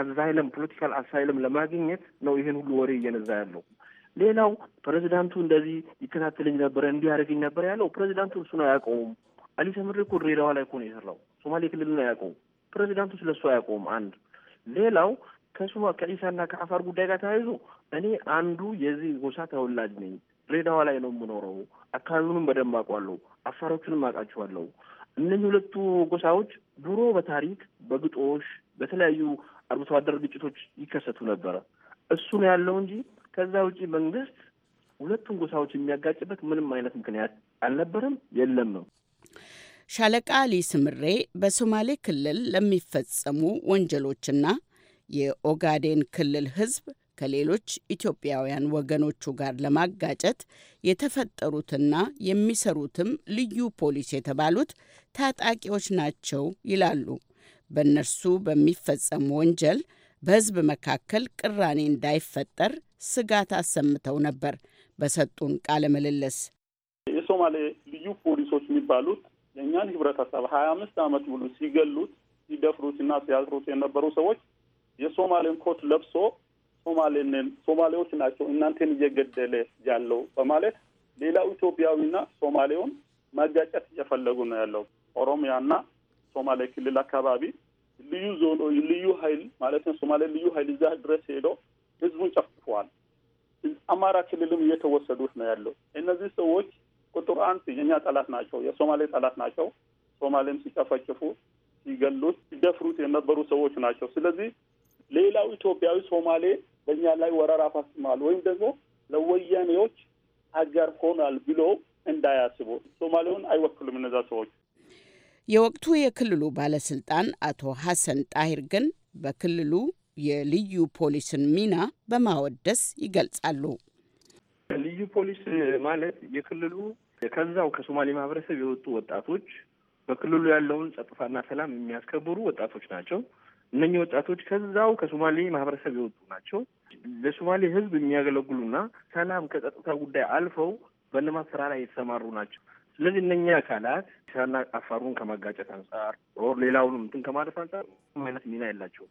አዛይለም ፖለቲካል አሳይለም ለማግኘት ነው ይህን ሁሉ ወሬ እየነዛ ያለው። ሌላው ፕሬዚዳንቱ እንደዚህ ይከታተልኝ ነበረ እንዲህ ያደርገኝ ነበር ያለው ፕሬዚዳንቱ እሱን አያውቀውም። አሊ ሰምሬ እኮ ድሬዳዋ ላይ እኮ ነው የሰራው፣ ሶማሌ ክልልን አያውቀውም ፕሬዚዳንቱ፣ ስለ እሱ አያውቀውም። አንድ ሌላው ከሱማ ከኢሳና ከአፋር ጉዳይ ጋር ተያይዞ እኔ አንዱ የዚህ ጎሳ ተወላጅ ነኝ። ድሬዳዋ ላይ ነው የምኖረው። አካባቢውንም በደንብ አውቃለሁ። አፋሮቹንም አውቃቸዋለሁ። እነዚህ ሁለቱ ጎሳዎች ድሮ በታሪክ በግጦሽ በተለያዩ አርብቶ አደር ግጭቶች ይከሰቱ ነበረ። እሱ ነው ያለው እንጂ ከዛ ውጪ መንግስት ሁለቱን ጎሳዎች የሚያጋጭበት ምንም አይነት ምክንያት አልነበረም፣ የለም ነው። ሻለቃ አሊ ስምሬ በሶማሌ ክልል ለሚፈጸሙ ወንጀሎችና የኦጋዴን ክልል ህዝብ ከሌሎች ኢትዮጵያውያን ወገኖቹ ጋር ለማጋጨት የተፈጠሩትና የሚሰሩትም ልዩ ፖሊስ የተባሉት ታጣቂዎች ናቸው ይላሉ። በእነርሱ በሚፈጸም ወንጀል በህዝብ መካከል ቅራኔ እንዳይፈጠር ስጋት አሰምተው ነበር። በሰጡን ቃለ ምልልስ የሶማሌ ልዩ ፖሊሶች የሚባሉት የእኛን ህብረተሰብ ሀያ አምስት ዓመት ሙሉ ሲገሉት ሲደፍሩት እና ሲያስሩት የነበሩ ሰዎች የሶማሌን ኮት ለብሶ ሶማሌንን ሶማሌዎች ናቸው እናንተን እየገደለ ያለው በማለት ሌላው ኢትዮጵያዊና ሶማሌውን ማጋጨት እየፈለጉ ነው ያለው። ኦሮሚያና ሶማሌ ክልል አካባቢ ልዩ ዞኖ ልዩ ኃይል ማለት ነው ሶማሌ ልዩ ኃይል እዛ ድረስ ሄዶ ህዝቡን ጨፍጭፈዋል። አማራ ክልልም እየተወሰዱት ነው ያለው። እነዚህ ሰዎች ቁጥር አንድ የኛ ጠላት ናቸው፣ የሶማሌ ጠላት ናቸው። ሶማሌም ሲጨፈጭፉ ሲገሉት ሲደፍሩት የነበሩ ሰዎች ናቸው። ስለዚህ ሌላው ኢትዮጵያዊ ሶማሌ በእኛ ላይ ወረራ ፈጽሟል ወይም ደግሞ ለወያኔዎች አጋር ሆኗል ብሎ እንዳያስቡ ሶማሌውን አይወክሉም እነዛ ሰዎች። የወቅቱ የክልሉ ባለስልጣን አቶ ሐሰን ጣሂር ግን በክልሉ የልዩ ፖሊስን ሚና በማወደስ ይገልጻሉ። ልዩ ፖሊስ ማለት የክልሉ ከዛው ከሶማሌ ማህበረሰብ የወጡ ወጣቶች በክልሉ ያለውን ጸጥታና ሰላም የሚያስከብሩ ወጣቶች ናቸው። እነኚህ ወጣቶች ከዛው ከሶማሌ ማህበረሰብ የወጡ ናቸው። ለሶማሌ ህዝብ የሚያገለግሉና ሰላም ከጸጥታ ጉዳይ አልፈው በልማት ስራ ላይ የተሰማሩ ናቸው። ስለዚህ እነኛ አካላት ሻና አፋሩን ከማጋጨት አንጻር ኦር ሌላውንም እንትን ከማለት አንጻር አይነት ሚና የላቸውም።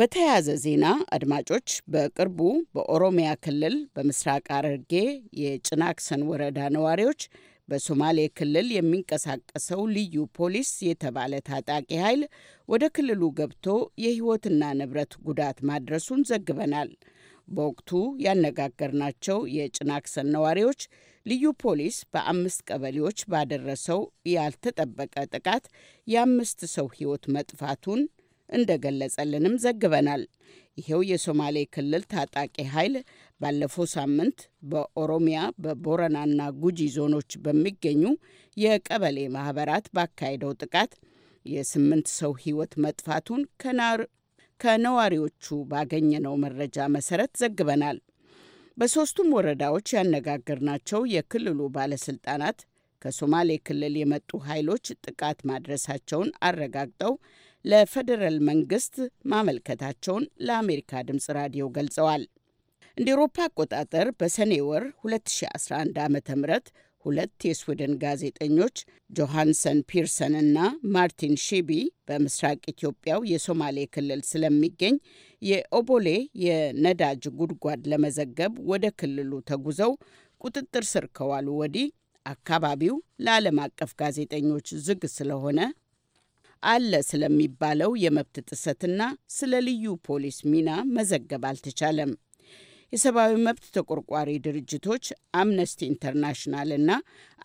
በተያያዘ ዜና አድማጮች፣ በቅርቡ በኦሮሚያ ክልል በምስራቅ ሐረርጌ የጭናክሰን ወረዳ ነዋሪዎች በሶማሌ ክልል የሚንቀሳቀሰው ልዩ ፖሊስ የተባለ ታጣቂ ኃይል ወደ ክልሉ ገብቶ የህይወትና ንብረት ጉዳት ማድረሱን ዘግበናል። በወቅቱ ያነጋገርናቸው የጭናክሰን ነዋሪዎች ልዩ ፖሊስ በአምስት ቀበሌዎች ባደረሰው ያልተጠበቀ ጥቃት የአምስት ሰው ሕይወት መጥፋቱን እንደገለጸልንም ዘግበናል። ይኸው የሶማሌ ክልል ታጣቂ ኃይል ባለፈው ሳምንት በኦሮሚያ በቦረናና ጉጂ ዞኖች በሚገኙ የቀበሌ ማህበራት ባካሄደው ጥቃት የስምንት ሰው ህይወት መጥፋቱን ከነዋሪዎቹ ባገኘነው መረጃ መሰረት ዘግበናል። በሦስቱም ወረዳዎች ያነጋገርናቸው የክልሉ ባለስልጣናት ከሶማሌ ክልል የመጡ ኃይሎች ጥቃት ማድረሳቸውን አረጋግጠው ለፌዴራል መንግስት ማመልከታቸውን ለአሜሪካ ድምፅ ራዲዮ ገልጸዋል። እንደ ኤሮፓ አቆጣጠር በሰኔ ወር 2011 ዓ ም ሁለት የስዊድን ጋዜጠኞች ጆሃንሰን ፒርሰን እና ማርቲን ሺቢ በምስራቅ ኢትዮጵያው የሶማሌ ክልል ስለሚገኝ የኦቦሌ የነዳጅ ጉድጓድ ለመዘገብ ወደ ክልሉ ተጉዘው ቁጥጥር ስር ከዋሉ ወዲህ አካባቢው ለዓለም አቀፍ ጋዜጠኞች ዝግ ስለሆነ አለ ስለሚባለው የመብት ጥሰትና ስለ ልዩ ፖሊስ ሚና መዘገብ አልተቻለም። የሰብአዊ መብት ተቆርቋሪ ድርጅቶች አምነስቲ ኢንተርናሽናል እና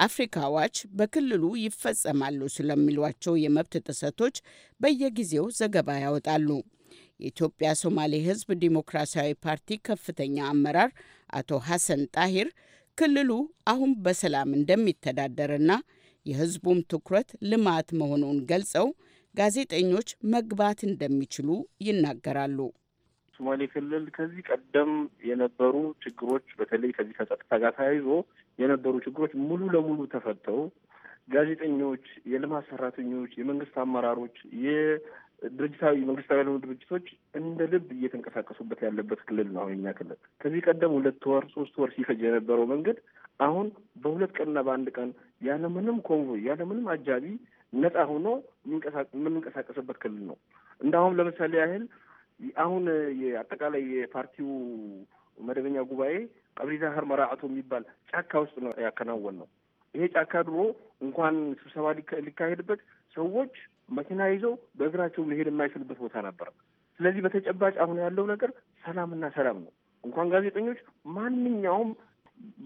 አፍሪካ ዋች በክልሉ ይፈጸማሉ ስለሚሏቸው የመብት ጥሰቶች በየጊዜው ዘገባ ያወጣሉ። የኢትዮጵያ ሶማሌ ሕዝብ ዲሞክራሲያዊ ፓርቲ ከፍተኛ አመራር አቶ ሐሰን ጣሂር ክልሉ አሁን በሰላም እንደሚተዳደርና የሕዝቡም ትኩረት ልማት መሆኑን ገልጸው ጋዜጠኞች መግባት እንደሚችሉ ይናገራሉ። ሶማሌ ክልል ከዚህ ቀደም የነበሩ ችግሮች በተለይ ከዚህ ከጸጥታ ጋር ተያይዞ የነበሩ ችግሮች ሙሉ ለሙሉ ተፈተው ጋዜጠኞች፣ የልማት ሰራተኞች፣ የመንግስት አመራሮች፣ የድርጅታዊ መንግስታዊ ያልሆኑ ድርጅቶች እንደ ልብ እየተንቀሳቀሱበት ያለበት ክልል ነው። የኛ ክልል ከዚህ ቀደም ሁለት ወር ሶስት ወር ሲፈጅ የነበረው መንገድ አሁን በሁለት ቀንና በአንድ ቀን ያለምንም ኮንቮይ ያለምንም አጃቢ ነጻ ሆኖ የምንንቀሳቀስበት ክልል ነው። አሁን ለምሳሌ ያህል አሁን የአጠቃላይ የፓርቲው መደበኛ ጉባኤ ቀብሪ ዛህር መራዕቶ የሚባል ጫካ ውስጥ ነው ያከናወን ነው። ይሄ ጫካ ድሮ እንኳን ስብሰባ ሊካሄድበት ሰዎች መኪና ይዘው በእግራቸው መሄድ የማይችሉበት ቦታ ነበር። ስለዚህ በተጨባጭ አሁን ያለው ነገር ሰላምና ሰላም ነው። እንኳን ጋዜጠኞች፣ ማንኛውም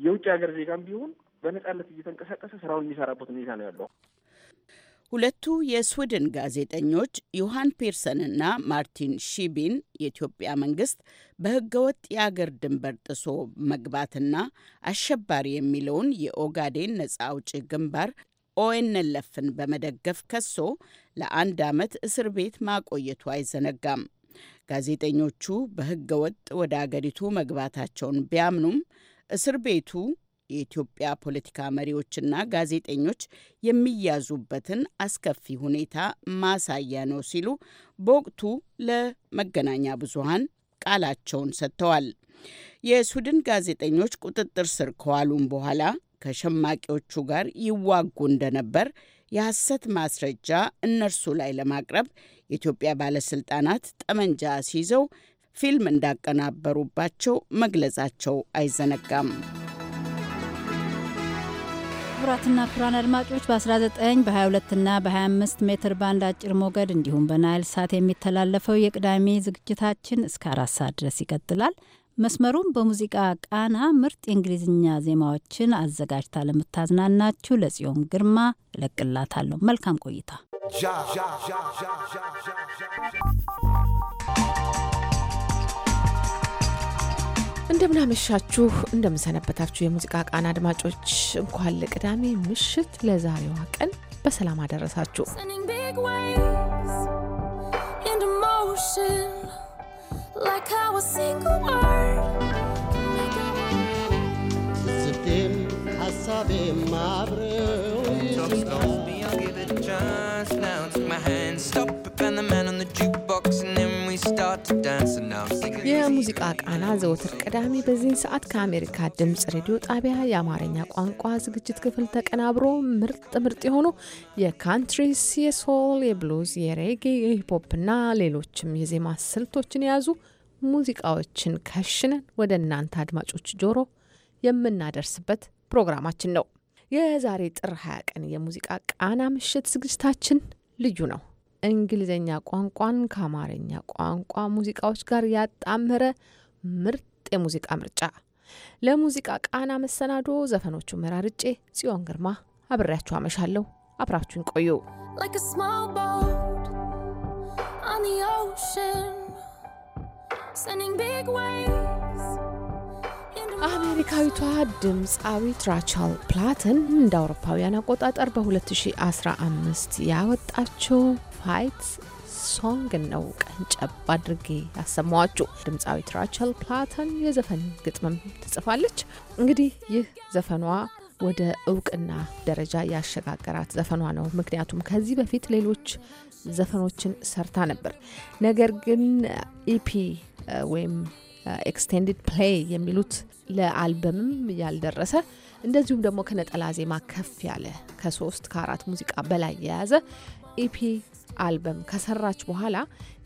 የውጭ ሀገር ዜጋም ቢሆን በነጻነት እየተንቀሳቀሰ ስራውን የሚሰራበት ሁኔታ ነው ያለው። ሁለቱ የስዊድን ጋዜጠኞች ዮሐን ፔርሰንና ማርቲን ሺቢን የኢትዮጵያ መንግስት በህገወጥ የአገር ድንበር ጥሶ መግባትና አሸባሪ የሚለውን የኦጋዴን ነፃ አውጪ ግንባር ኦኤንኤልኤፍን በመደገፍ ከሶ ለአንድ ዓመት እስር ቤት ማቆየቱ አይዘነጋም። ጋዜጠኞቹ በህገወጥ ወደ አገሪቱ መግባታቸውን ቢያምኑም እስር ቤቱ የኢትዮጵያ ፖለቲካ መሪዎችና ጋዜጠኞች የሚያዙበትን አስከፊ ሁኔታ ማሳያ ነው ሲሉ በወቅቱ ለመገናኛ ብዙሃን ቃላቸውን ሰጥተዋል። የሱድን ጋዜጠኞች ቁጥጥር ስር ከዋሉም በኋላ ከሸማቂዎቹ ጋር ይዋጉ እንደነበር የሐሰት ማስረጃ እነርሱ ላይ ለማቅረብ የኢትዮጵያ ባለስልጣናት ጠመንጃ ሲይዘው ፊልም እንዳቀናበሩባቸው መግለጻቸው አይዘነጋም። ክቡራትና ክቡራን አድማጮች በ19 በ22ና በ25 ሜትር ባንድ አጭር ሞገድ እንዲሁም በናይል ሳት የሚተላለፈው የቅዳሜ ዝግጅታችን እስከ አራት ሰዓት ድረስ ይቀጥላል። መስመሩም በሙዚቃ ቃና ምርጥ የእንግሊዝኛ ዜማዎችን አዘጋጅታ ለምታዝናናችሁ ለጽዮን ግርማ እለቅላታለሁ። መልካም ቆይታ። እንደምናመሻችሁ እንደምንሰነበታችሁ የሙዚቃ ቃና አድማጮች እንኳን ለቅዳሜ ምሽት ለዛሬዋ ቀን በሰላም አደረሳችሁ። ሀሳቤ ማብረው የሙዚቃ ቃና ዘወትር ቅዳሜ በዚህን ሰዓት ከአሜሪካ ድምፅ ሬዲዮ ጣቢያ የአማርኛ ቋንቋ ዝግጅት ክፍል ተቀናብሮ ምርጥ ምርጥ የሆኑ የካንትሪስ፣ የሶል፣ የብሉዝ፣ የሬጌ፣ የሂፖፕ እና ሌሎችም የዜማ ስልቶችን የያዙ ሙዚቃዎችን ከሽነን ወደ እናንተ አድማጮች ጆሮ የምናደርስበት ፕሮግራማችን ነው። የዛሬ ጥር 20 ቀን የሙዚቃ ቃና ምሽት ዝግጅታችን ልዩ ነው። እንግሊዝኛ ቋንቋን ከአማርኛ ቋንቋ ሙዚቃዎች ጋር ያጣመረ ምርጥ የሙዚቃ ምርጫ። ለሙዚቃ ቃና መሰናዶ ዘፈኖቹ መራርጬ ጽዮን ግርማ አብሬያችሁ አመሻለሁ። አብራችሁን ቆዩ። አሜሪካዊቷ ድምፃዊት ራቸል ፕላተን እንደ አውሮፓውያን አቆጣጠር በ2015 ያወጣችው ፋይት ሶንግ ነው ቀንጨብ አድርጌ ያሰማዋችሁ። ድምፃዊት ራቸል ፕላተን የዘፈን ግጥምም ትጽፋለች። እንግዲህ ይህ ዘፈኗ ወደ እውቅና ደረጃ ያሸጋገራት ዘፈኗ ነው። ምክንያቱም ከዚህ በፊት ሌሎች ዘፈኖችን ሰርታ ነበር። ነገር ግን ኢፒ ወይም ኤክስቴንድድ ፕሌይ የሚሉት ለአልበምም ያልደረሰ እንደዚሁም ደግሞ ከነጠላ ዜማ ከፍ ያለ ከሶስት ከአራት ሙዚቃ በላይ የያዘ ኢፒ አልበም ከሰራች በኋላ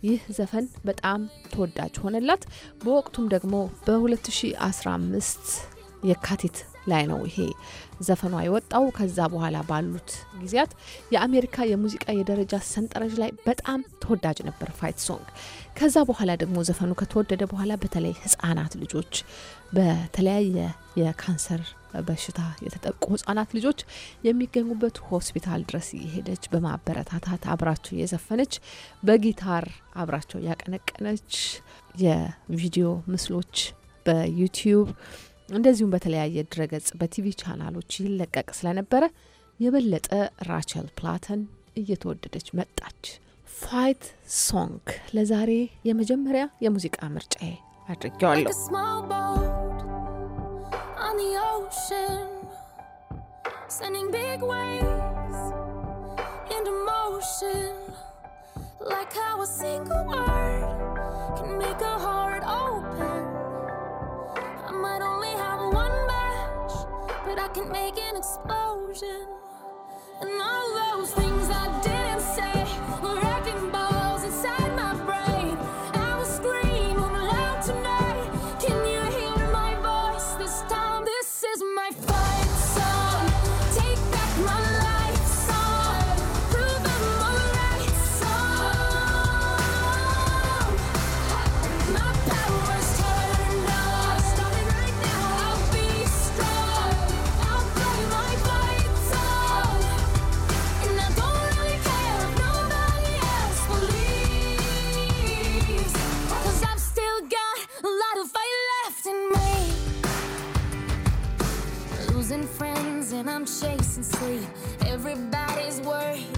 ይህ ዘፈን በጣም ተወዳጅ ሆነላት። በወቅቱም ደግሞ በ2015 የካቲት ላይ ነው ይሄ ዘፈኗ የወጣው። ከዛ በኋላ ባሉት ጊዜያት የአሜሪካ የሙዚቃ የደረጃ ሰንጠረዥ ላይ በጣም ተወዳጅ ነበር ፋይት ሶንግ። ከዛ በኋላ ደግሞ ዘፈኑ ከተወደደ በኋላ በተለይ ህጻናት ልጆች በተለያየ የካንሰር በሽታ የተጠቁ ህጻናት ልጆች የሚገኙበት ሆስፒታል ድረስ እየሄደች በማበረታታት አብራቸው እየዘፈነች በጊታር አብራቸው እያቀነቀነች የቪዲዮ ምስሎች በዩቲዩብ እንደዚሁም በተለያየ ድረገጽ በቲቪ ቻናሎች ይለቀቅ ስለነበረ የበለጠ ራቸል ፕላተን እየተወደደች መጣች። ፋይት ሶንግ ለዛሬ የመጀመሪያ የሙዚቃ ምርጫዬ አድርጌዋለሁ። on the ocean, sending big waves into motion. Like how a single word can make a heart open. I might only have one match, but I can make an explosion. And all those things I and I'm chasing sleep. Everybody's worried.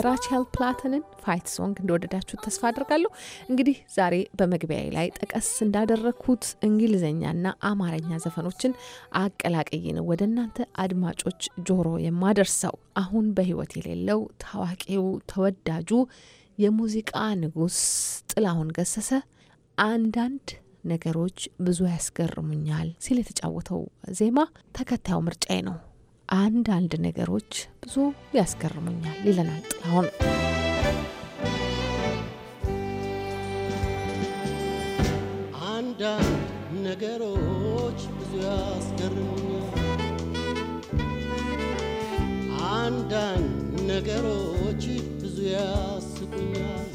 የራቸል ፕላተንን ፋይት ሶንግ እንደወደዳችሁ ተስፋ አድርጋለሁ። እንግዲህ ዛሬ በመግቢያ ላይ ጠቀስ እንዳደረግኩት እንግሊዝኛና አማርኛ ዘፈኖችን አቀላቅዬ ነው ወደ እናንተ አድማጮች ጆሮ የማደርሰው። አሁን በህይወት የሌለው ታዋቂው ተወዳጁ የሙዚቃ ንጉስ ጥላሁን ገሰሰ አንዳንድ ነገሮች ብዙ ያስገርሙኛል ሲል የተጫወተው ዜማ ተከታዩ ምርጫዬ ነው። አንዳንድ ነገሮች ብዙ ያስገርሙኛል ይለናል ጥላሁን። አንዳንድ ነገሮች ብዙ ያስገርሙኛል፣ አንዳንድ ነገሮች ብዙ ያስጉኛል።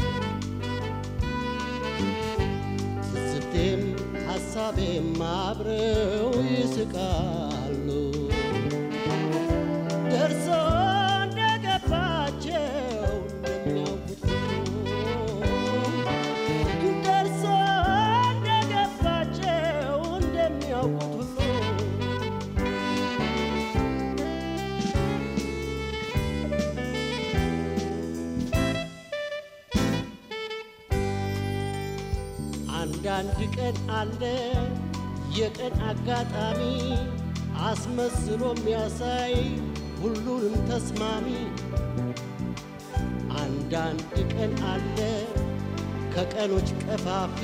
ትዝብቴም ሀሳቤም አብረው ይስቃል ቀን አለ የቀን አጋጣሚ አስመስሎ የሚያሳይ ሁሉንም ተስማሚ። አንዳንድ ቀን አለ ከቀኖች ቀፋፊ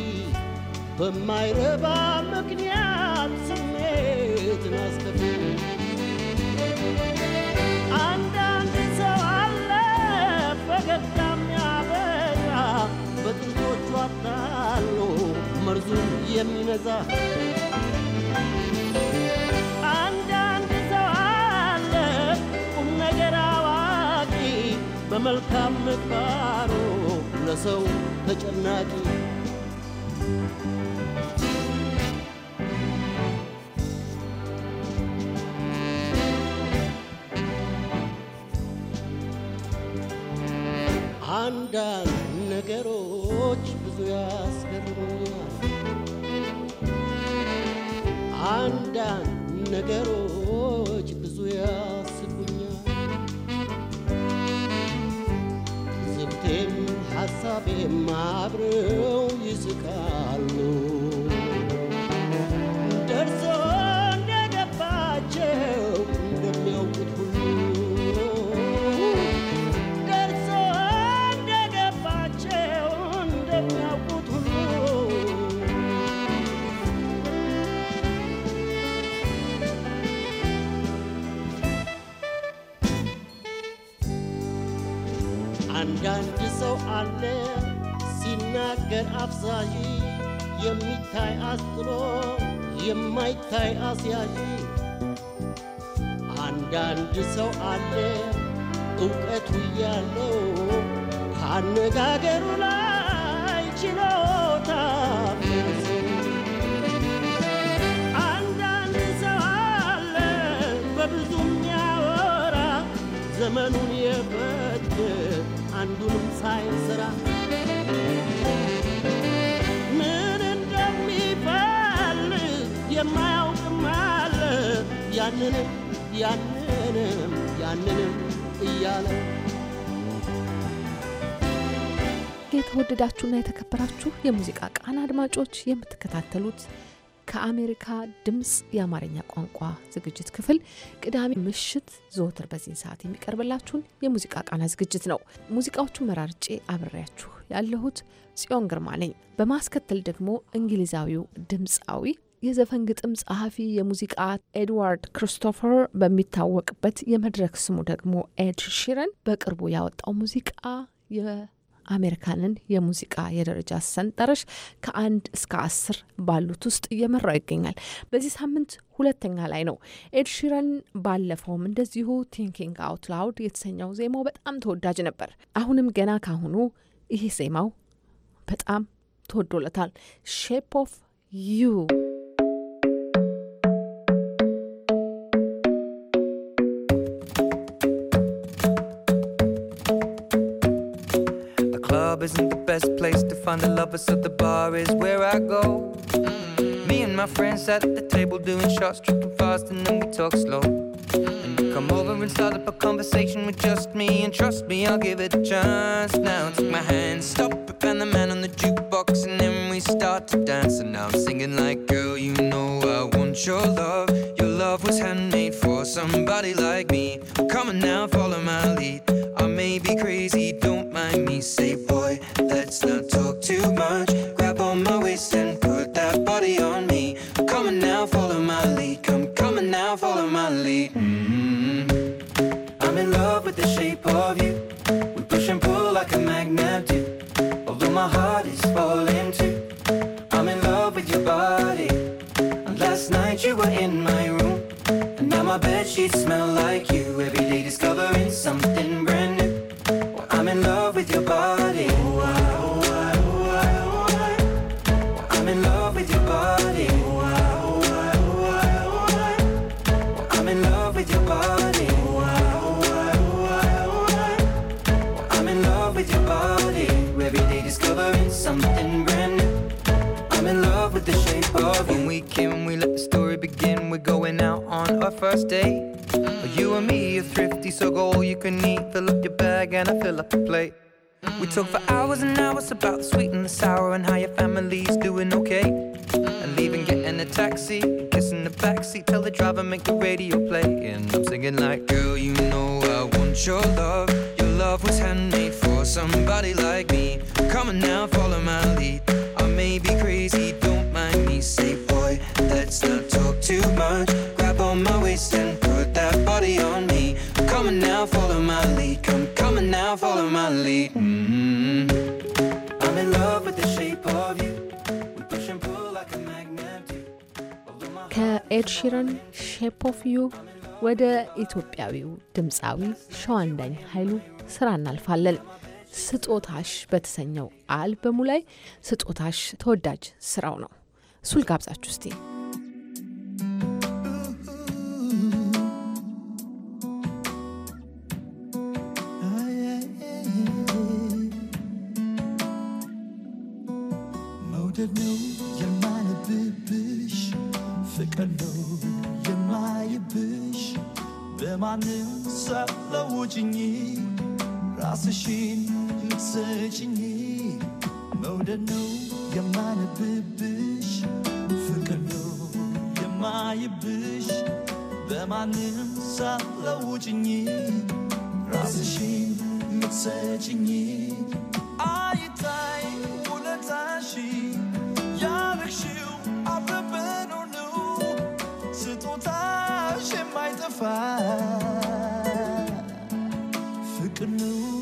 በማይረባ ምክንያት የሚነዛ አንዳንድ ሰው አለ ቁም ነገር አዋቂ በመልካም ምግባሩ ለሰው ተጨናቂ አንዳንድ አንዳንድ ሰው አለ ሲናገር አፍዛዥ፣ የሚታይ አስጥሎ የማይታይ አስያዥ። አንዳንድ ሰው አለ እውቀቱ ያለው ከአነጋገሩ ላይ ችሎታ አንዳንድ ሰው አለ በብዙ የሚያወራ ዘመኑን የበደለ አንዱንም ሳይሰራ ምን እንደሚፈልግ የማያውቅም አለ ያንንም ያንንም ያንንም እያለ የተወደዳችሁና የተከበራችሁ የሙዚቃ ቃና አድማጮች የምትከታተሉት ከአሜሪካ ድምፅ የአማርኛ ቋንቋ ዝግጅት ክፍል ቅዳሜ ምሽት ዘወትር በዚህን ሰዓት የሚቀርብላችሁን የሙዚቃ ቃና ዝግጅት ነው። ሙዚቃዎቹን መራርጬ አብሬያችሁ ያለሁት ጽዮን ግርማ ነኝ። በማስከተል ደግሞ እንግሊዛዊው ድምፃዊ የዘፈን ግጥም ጸሐፊ የሙዚቃ ኤድዋርድ ክሪስቶፈር በሚታወቅበት የመድረክ ስሙ ደግሞ ኤድ ሺረን በቅርቡ ያወጣው ሙዚቃ አሜሪካንን የሙዚቃ የደረጃ ሰንጠረዥ ከአንድ እስከ አስር ባሉት ውስጥ እየመራው ይገኛል። በዚህ ሳምንት ሁለተኛ ላይ ነው። ኤድ ሺረን ባለፈውም እንደዚሁ ቲንኪንግ አውት ላውድ የተሰኘው ዜማው በጣም ተወዳጅ ነበር። አሁንም ገና ካሁኑ ይሄ ዜማው በጣም ተወዶለታል። ሼፕ ኦፍ ዩ club isn't the best place to find a lover, so the bar is where I go. Mm-hmm. Me and my friends at the table doing shots, tripping fast, and then we talk slow. Mm-hmm. And come over and start up a conversation with just me, and trust me, I'll give it a chance. Now take my hand, stop it, and the man on the jukebox, and then we start to dance. And now I'm singing like, girl, you know I want your love. Your love was handmade for somebody like me. Come on now, follow my lead. I may be crazy, don't mind me. Say Let's not talk too much. Grab on my waist and put that body on me. I'm coming now, follow my lead. Come coming now, follow my lead. Mm-hmm. I'm in love with the shape of you. We push and pull like a magnet do. Although my heart is falling too. I'm in love with your body. And last night you were in my room. And now my bed sheets smell like you. Every day discovering something our first date. You and me are thrifty, so go all you can eat. Fill up your bag and I fill up the plate. We talk for hours and hours about the sweet and the sour and how your family's doing okay. And leaving, getting a taxi, kissing the backseat, tell the driver make the radio play. And I'm singing like, girl, you know I want your love. Your love was handmade for somebody like me. Come on now, follow my lead. I may be crazy, don't mind me. Say, boy, let's not talk too much. around my waist and put that body on me. I'm coming now, follow my lead. Come coming now, follow my lead. Mm -hmm. I'm in love with the shape of you. We push and pull like a magnet. ከኤድ ሺረን ሼፕ ኦፍ ዩ ወደ ኢትዮጵያዊው ድምፃዊ ሸዋንዳኝ ኃይሉ ስራ እናልፋለን። ስጦታሽ በተሰኘው አልበሙ ላይ ስጦታሽ ተወዳጅ ስራው ነው። እሱል ጋብዛችሁ እስቲ Hello, my bush. The man is a lawgy. Rasashin, you're searching me. No, the no, your man a bush. Hello, my bush. The man is a lawgy. Rasashin, you're searching me. The know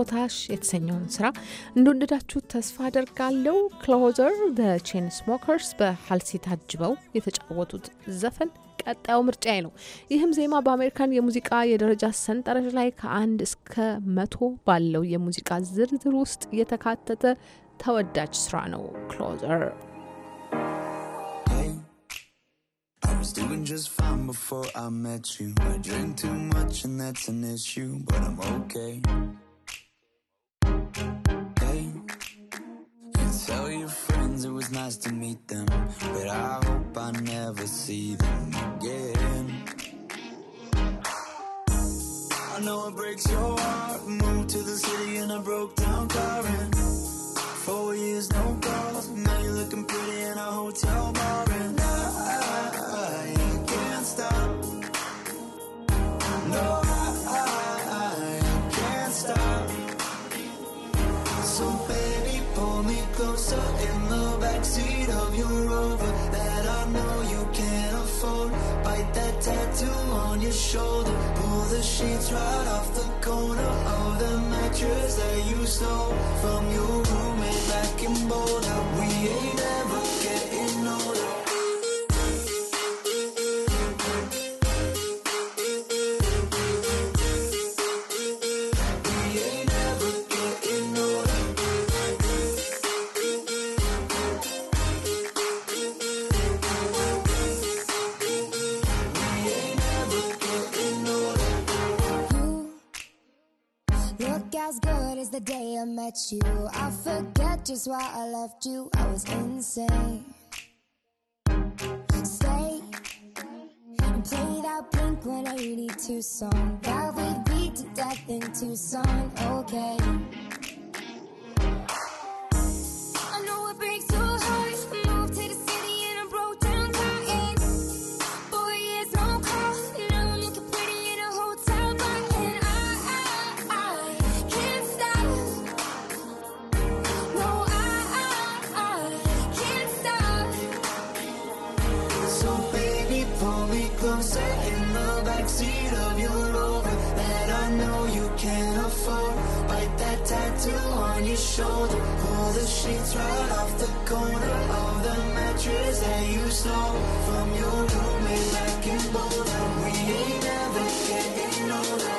ስኮታሽ የተሰኘውን ስራ እንደወደዳችሁ ተስፋ አደርጋለሁ። ክሎዘር ቼን ስሞከርስ በሀልሲ ታጅበው የተጫወቱት ዘፈን ቀጣዩ ምርጫ ነው። ይህም ዜማ በአሜሪካን የሙዚቃ የደረጃ ሰንጠረዥ ላይ ከአንድ እስከ መቶ ባለው የሙዚቃ ዝርዝር ውስጥ የተካተተ ተወዳጅ ስራ ነው። ክሎዘር I was doing just fine before I met you. I drink too much and that's an issue, but I'm okay. nice to meet them, but I hope I never see them again. I know it breaks your heart. Moved to the city in a broke down car. And four years, no calls. Now you're looking pretty in a hotel bar. And his shoulder Pull the sheets right off the corner Of the mattress that you stole From your roommate back in Boulder We ain't forget you. I forget just why I left you. I was insane. Stay and play that Blink 182 song. That would beat to death in Tucson. Okay. tattoo on your shoulder Pull the sheets right off the corner Of the mattress that you stole From your roommate back in Boulder We ain't never getting older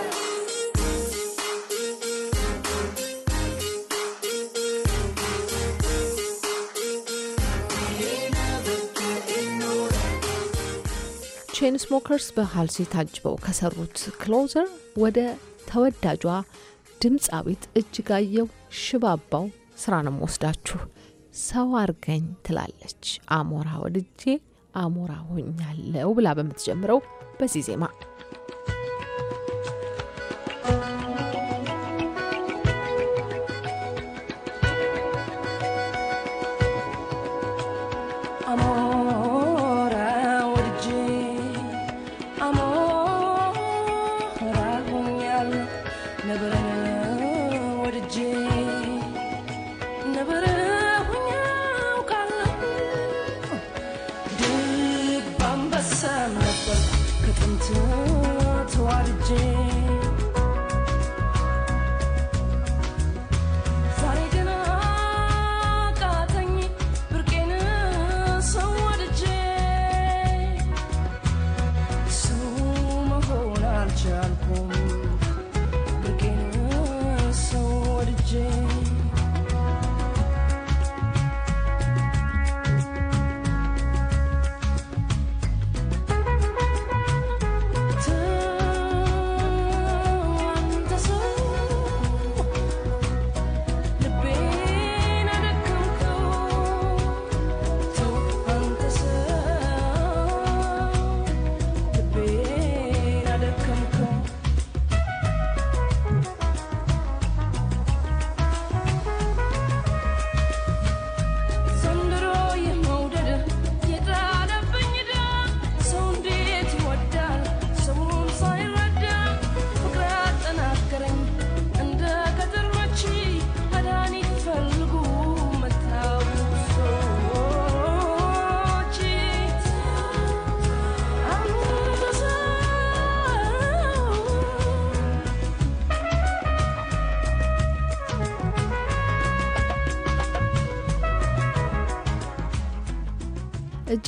ቼን ስሞከርስ በሃልሲ ታጅበው ከሰሩት ክሎዘር ወደ ተወዳጇ ድምፃዊት እጅጋየው ሽባባው ስራ ነው ወስዳችሁ ሰው አርገኝ ትላለች አሞራ ወድጄ አሞራ ሆኛለው ብላ በምትጀምረው በዚህ ዜማ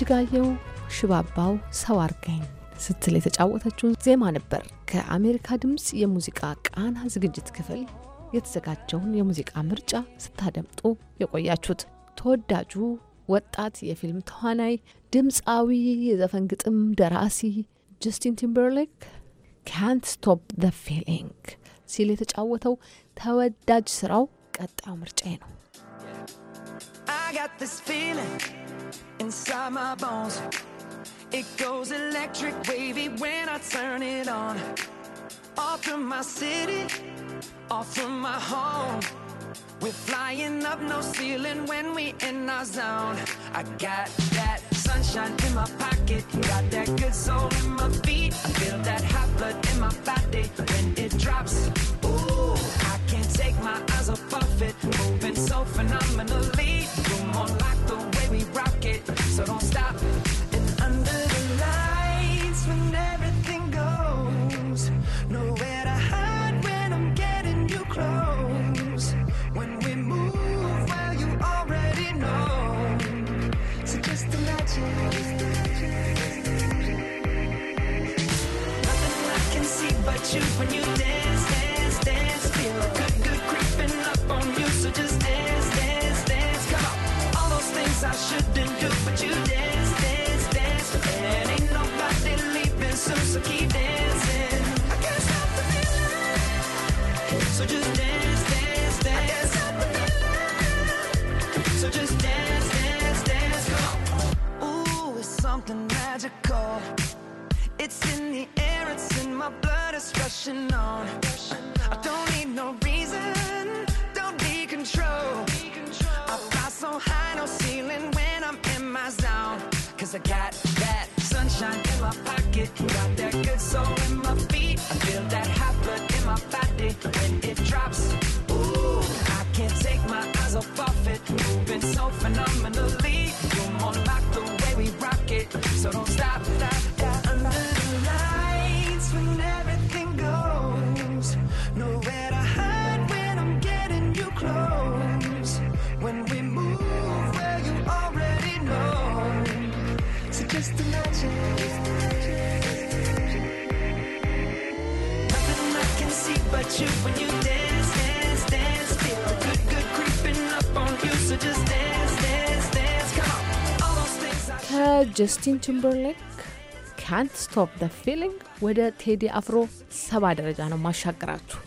እጅጋየው ሽባባው ሰው አርገኝ ስትል የተጫወተችውን ዜማ ነበር ከአሜሪካ ድምፅ የሙዚቃ ቃና ዝግጅት ክፍል የተዘጋጀውን የሙዚቃ ምርጫ ስታደምጡ የቆያችሁት። ተወዳጁ ወጣት የፊልም ተዋናይ፣ ድምፃዊ፣ የዘፈን ግጥም ደራሲ ጀስቲን ቲምበርሌክ ካንት ስቶፕ ዘ ፊሊንግ ሲል የተጫወተው ተወዳጅ ስራው ቀጣዩ ምርጫዬ ነው። inside my bones. It goes electric wavy when I turn it on. Off from my city, off from my home. We're flying up no ceiling when we in our zone. I got that sunshine in my pocket, got that good soul in my feet. I feel that hot blood in my body when it drops. Ooh, I can't take my eyes off of it, moving so phenomenally. rushing on. I don't need no reason, don't be control. I fly so high, no ceiling when I'm in my zone. Cause I got that sunshine in my pocket, got that good soul in my feet. I feel that hot blood in my body when it drops. Ooh, I can't take my eyes off of it, moving so phenomenally. ከጀስቲን ቲምበርሌክ ካንት ስቶፕ ደ ፊሊንግ ወደ ቴዲ አፍሮ ሰባ ደረጃ ነው ማሻገራችሁ።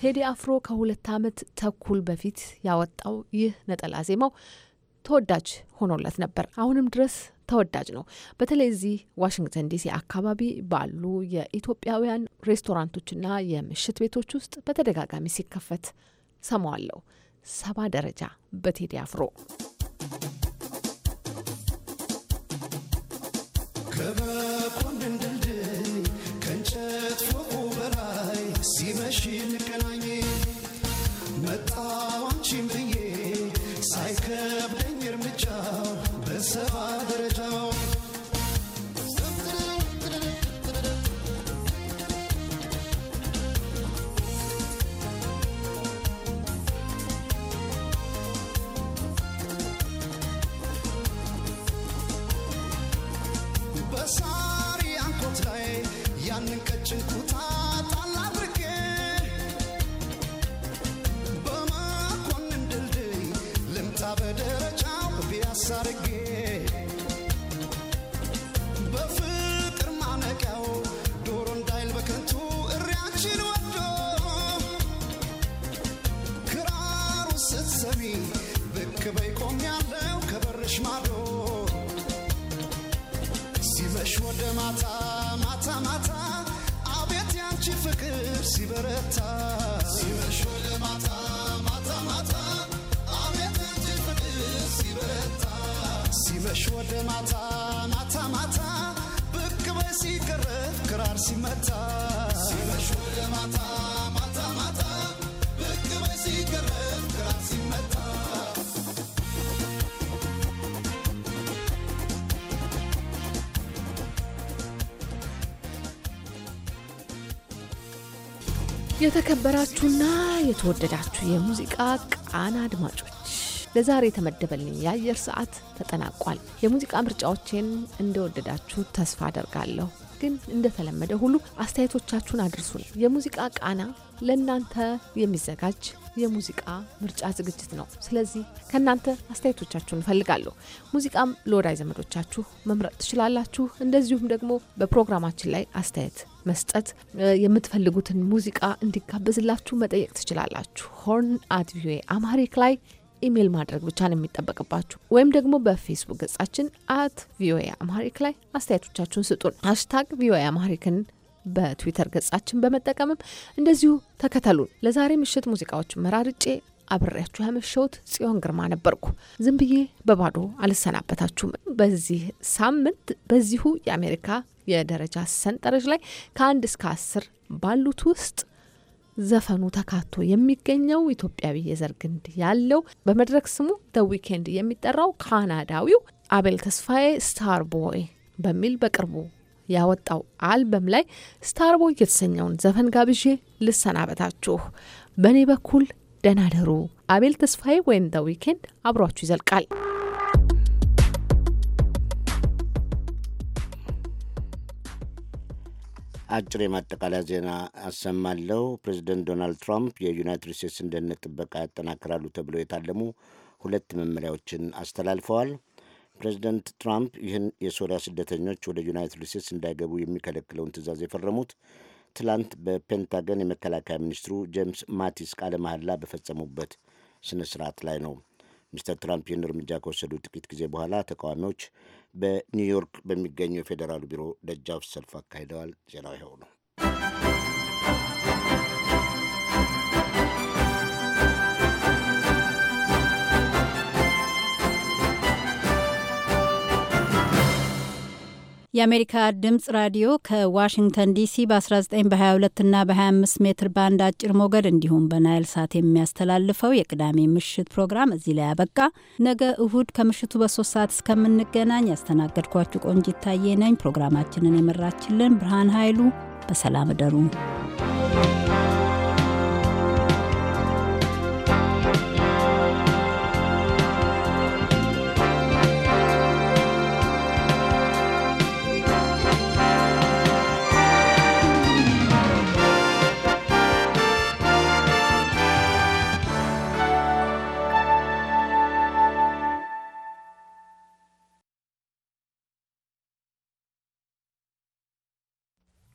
ቴዲ አፍሮ ከሁለት ዓመት ተኩል በፊት ያወጣው ይህ ነጠላ ዜማው ተወዳጅ ሆኖለት ነበር። አሁንም ድረስ ተወዳጅ ነው። በተለይ እዚህ ዋሽንግተን ዲሲ አካባቢ ባሉ የኢትዮጵያውያን ሬስቶራንቶችና የምሽት ቤቶች ውስጥ በተደጋጋሚ ሲከፈት ሰማዋለሁ። ሰባ ደረጃ በቴዲ አፍሮ ሲበረታ ሲመሽ ወደ ማታ ማታ አቤት እንጂ ፍቅር ሲመሽ ወደ ማታ ማታ ማታ ብቅ በይ ክራር ሲመታ ሲመሽ ወደ ማታ የተከበራችሁና የተወደዳችሁ የሙዚቃ ቃና አድማጮች ለዛሬ የተመደበልኝ የአየር ሰዓት ተጠናቋል። የሙዚቃ ምርጫዎቼን እንደወደዳችሁ ተስፋ አደርጋለሁ። ግን እንደተለመደ ሁሉ አስተያየቶቻችሁን አድርሱን። የሙዚቃ ቃና ለእናንተ የሚዘጋጅ የሙዚቃ ምርጫ ዝግጅት ነው። ስለዚህ ከእናንተ አስተያየቶቻችሁን እፈልጋለሁ። ሙዚቃም ለወዳጅ ዘመዶቻችሁ መምረጥ ትችላላችሁ። እንደዚሁም ደግሞ በፕሮግራማችን ላይ አስተያየት መስጠት፣ የምትፈልጉትን ሙዚቃ እንዲጋበዝላችሁ መጠየቅ ትችላላችሁ። ሆርን አት ቪኦኤ አማሪክ ላይ ኢሜይል ማድረግ ብቻ ነው የሚጠበቅባችሁ። ወይም ደግሞ በፌስቡክ ገጻችን አት ቪኦኤ አማሪክ ላይ አስተያየቶቻችሁን ስጡን። ሃሽታግ ቪኦኤ አማሪክን በትዊተር ገጻችን በመጠቀምም እንደዚሁ ተከተሉን። ለዛሬ ምሽት ሙዚቃዎች መራርጬ አብሬያችሁ ያመሸሁት ጽዮን ግርማ ነበርኩ። ዝም ብዬ በባዶ አልሰናበታችሁም። በዚህ ሳምንት በዚሁ የአሜሪካ የደረጃ ሰንጠረዥ ላይ ከአንድ እስከ አስር ባሉት ውስጥ ዘፈኑ ተካቶ የሚገኘው ኢትዮጵያዊ የዘር ግንድ ያለው በመድረክ ስሙ ደ ዊኬንድ የሚጠራው ካናዳዊው አቤል ተስፋዬ ስታር ቦይ በሚል በቅርቡ ያወጣው አልበም ላይ ስታር ቦይ የተሰኘውን ዘፈን ጋብዤ ልሰናበታችሁ። በእኔ በኩል ደህና ደሩ። አቤል ተስፋዬ ወይም ዘ ዊኬንድ አብሯችሁ ይዘልቃል። አጭር የማጠቃለያ ዜና አሰማለሁ። ፕሬዚደንት ዶናልድ ትራምፕ የዩናይትድ ስቴትስን ደህንነት ጥበቃ ያጠናክራሉ ተብለው የታለሙ ሁለት መመሪያዎችን አስተላልፈዋል። ፕሬዚደንት ትራምፕ ይህን የሶሪያ ስደተኞች ወደ ዩናይትድ ስቴትስ እንዳይገቡ የሚከለክለውን ትዕዛዝ የፈረሙት ትላንት በፔንታገን የመከላከያ ሚኒስትሩ ጄምስ ማቲስ ቃለ መሐላ በፈጸሙበት ስነ ስርዓት ላይ ነው። ሚስተር ትራምፕ ይህን እርምጃ ከወሰዱ ጥቂት ጊዜ በኋላ ተቃዋሚዎች በኒውዮርክ በሚገኘው የፌዴራሉ ቢሮ ደጃፍ ሰልፍ አካሂደዋል። ዜናው ይኸው ነው። የአሜሪካ ድምፅ ራዲዮ ከዋሽንግተን ዲሲ በ19 በ22 እና በ25 ሜትር ባንድ አጭር ሞገድ እንዲሁም በናይል ሳት የሚያስተላልፈው የቅዳሜ ምሽት ፕሮግራም እዚህ ላይ አበቃ። ነገ እሁድ ከምሽቱ በሶስት ሰዓት እስከምንገናኝ ያስተናገድኳችሁ ቆንጂት ታዬ ነኝ። ፕሮግራማችንን የመራችልን ብርሃን ኃይሉ። በሰላም እደሩ።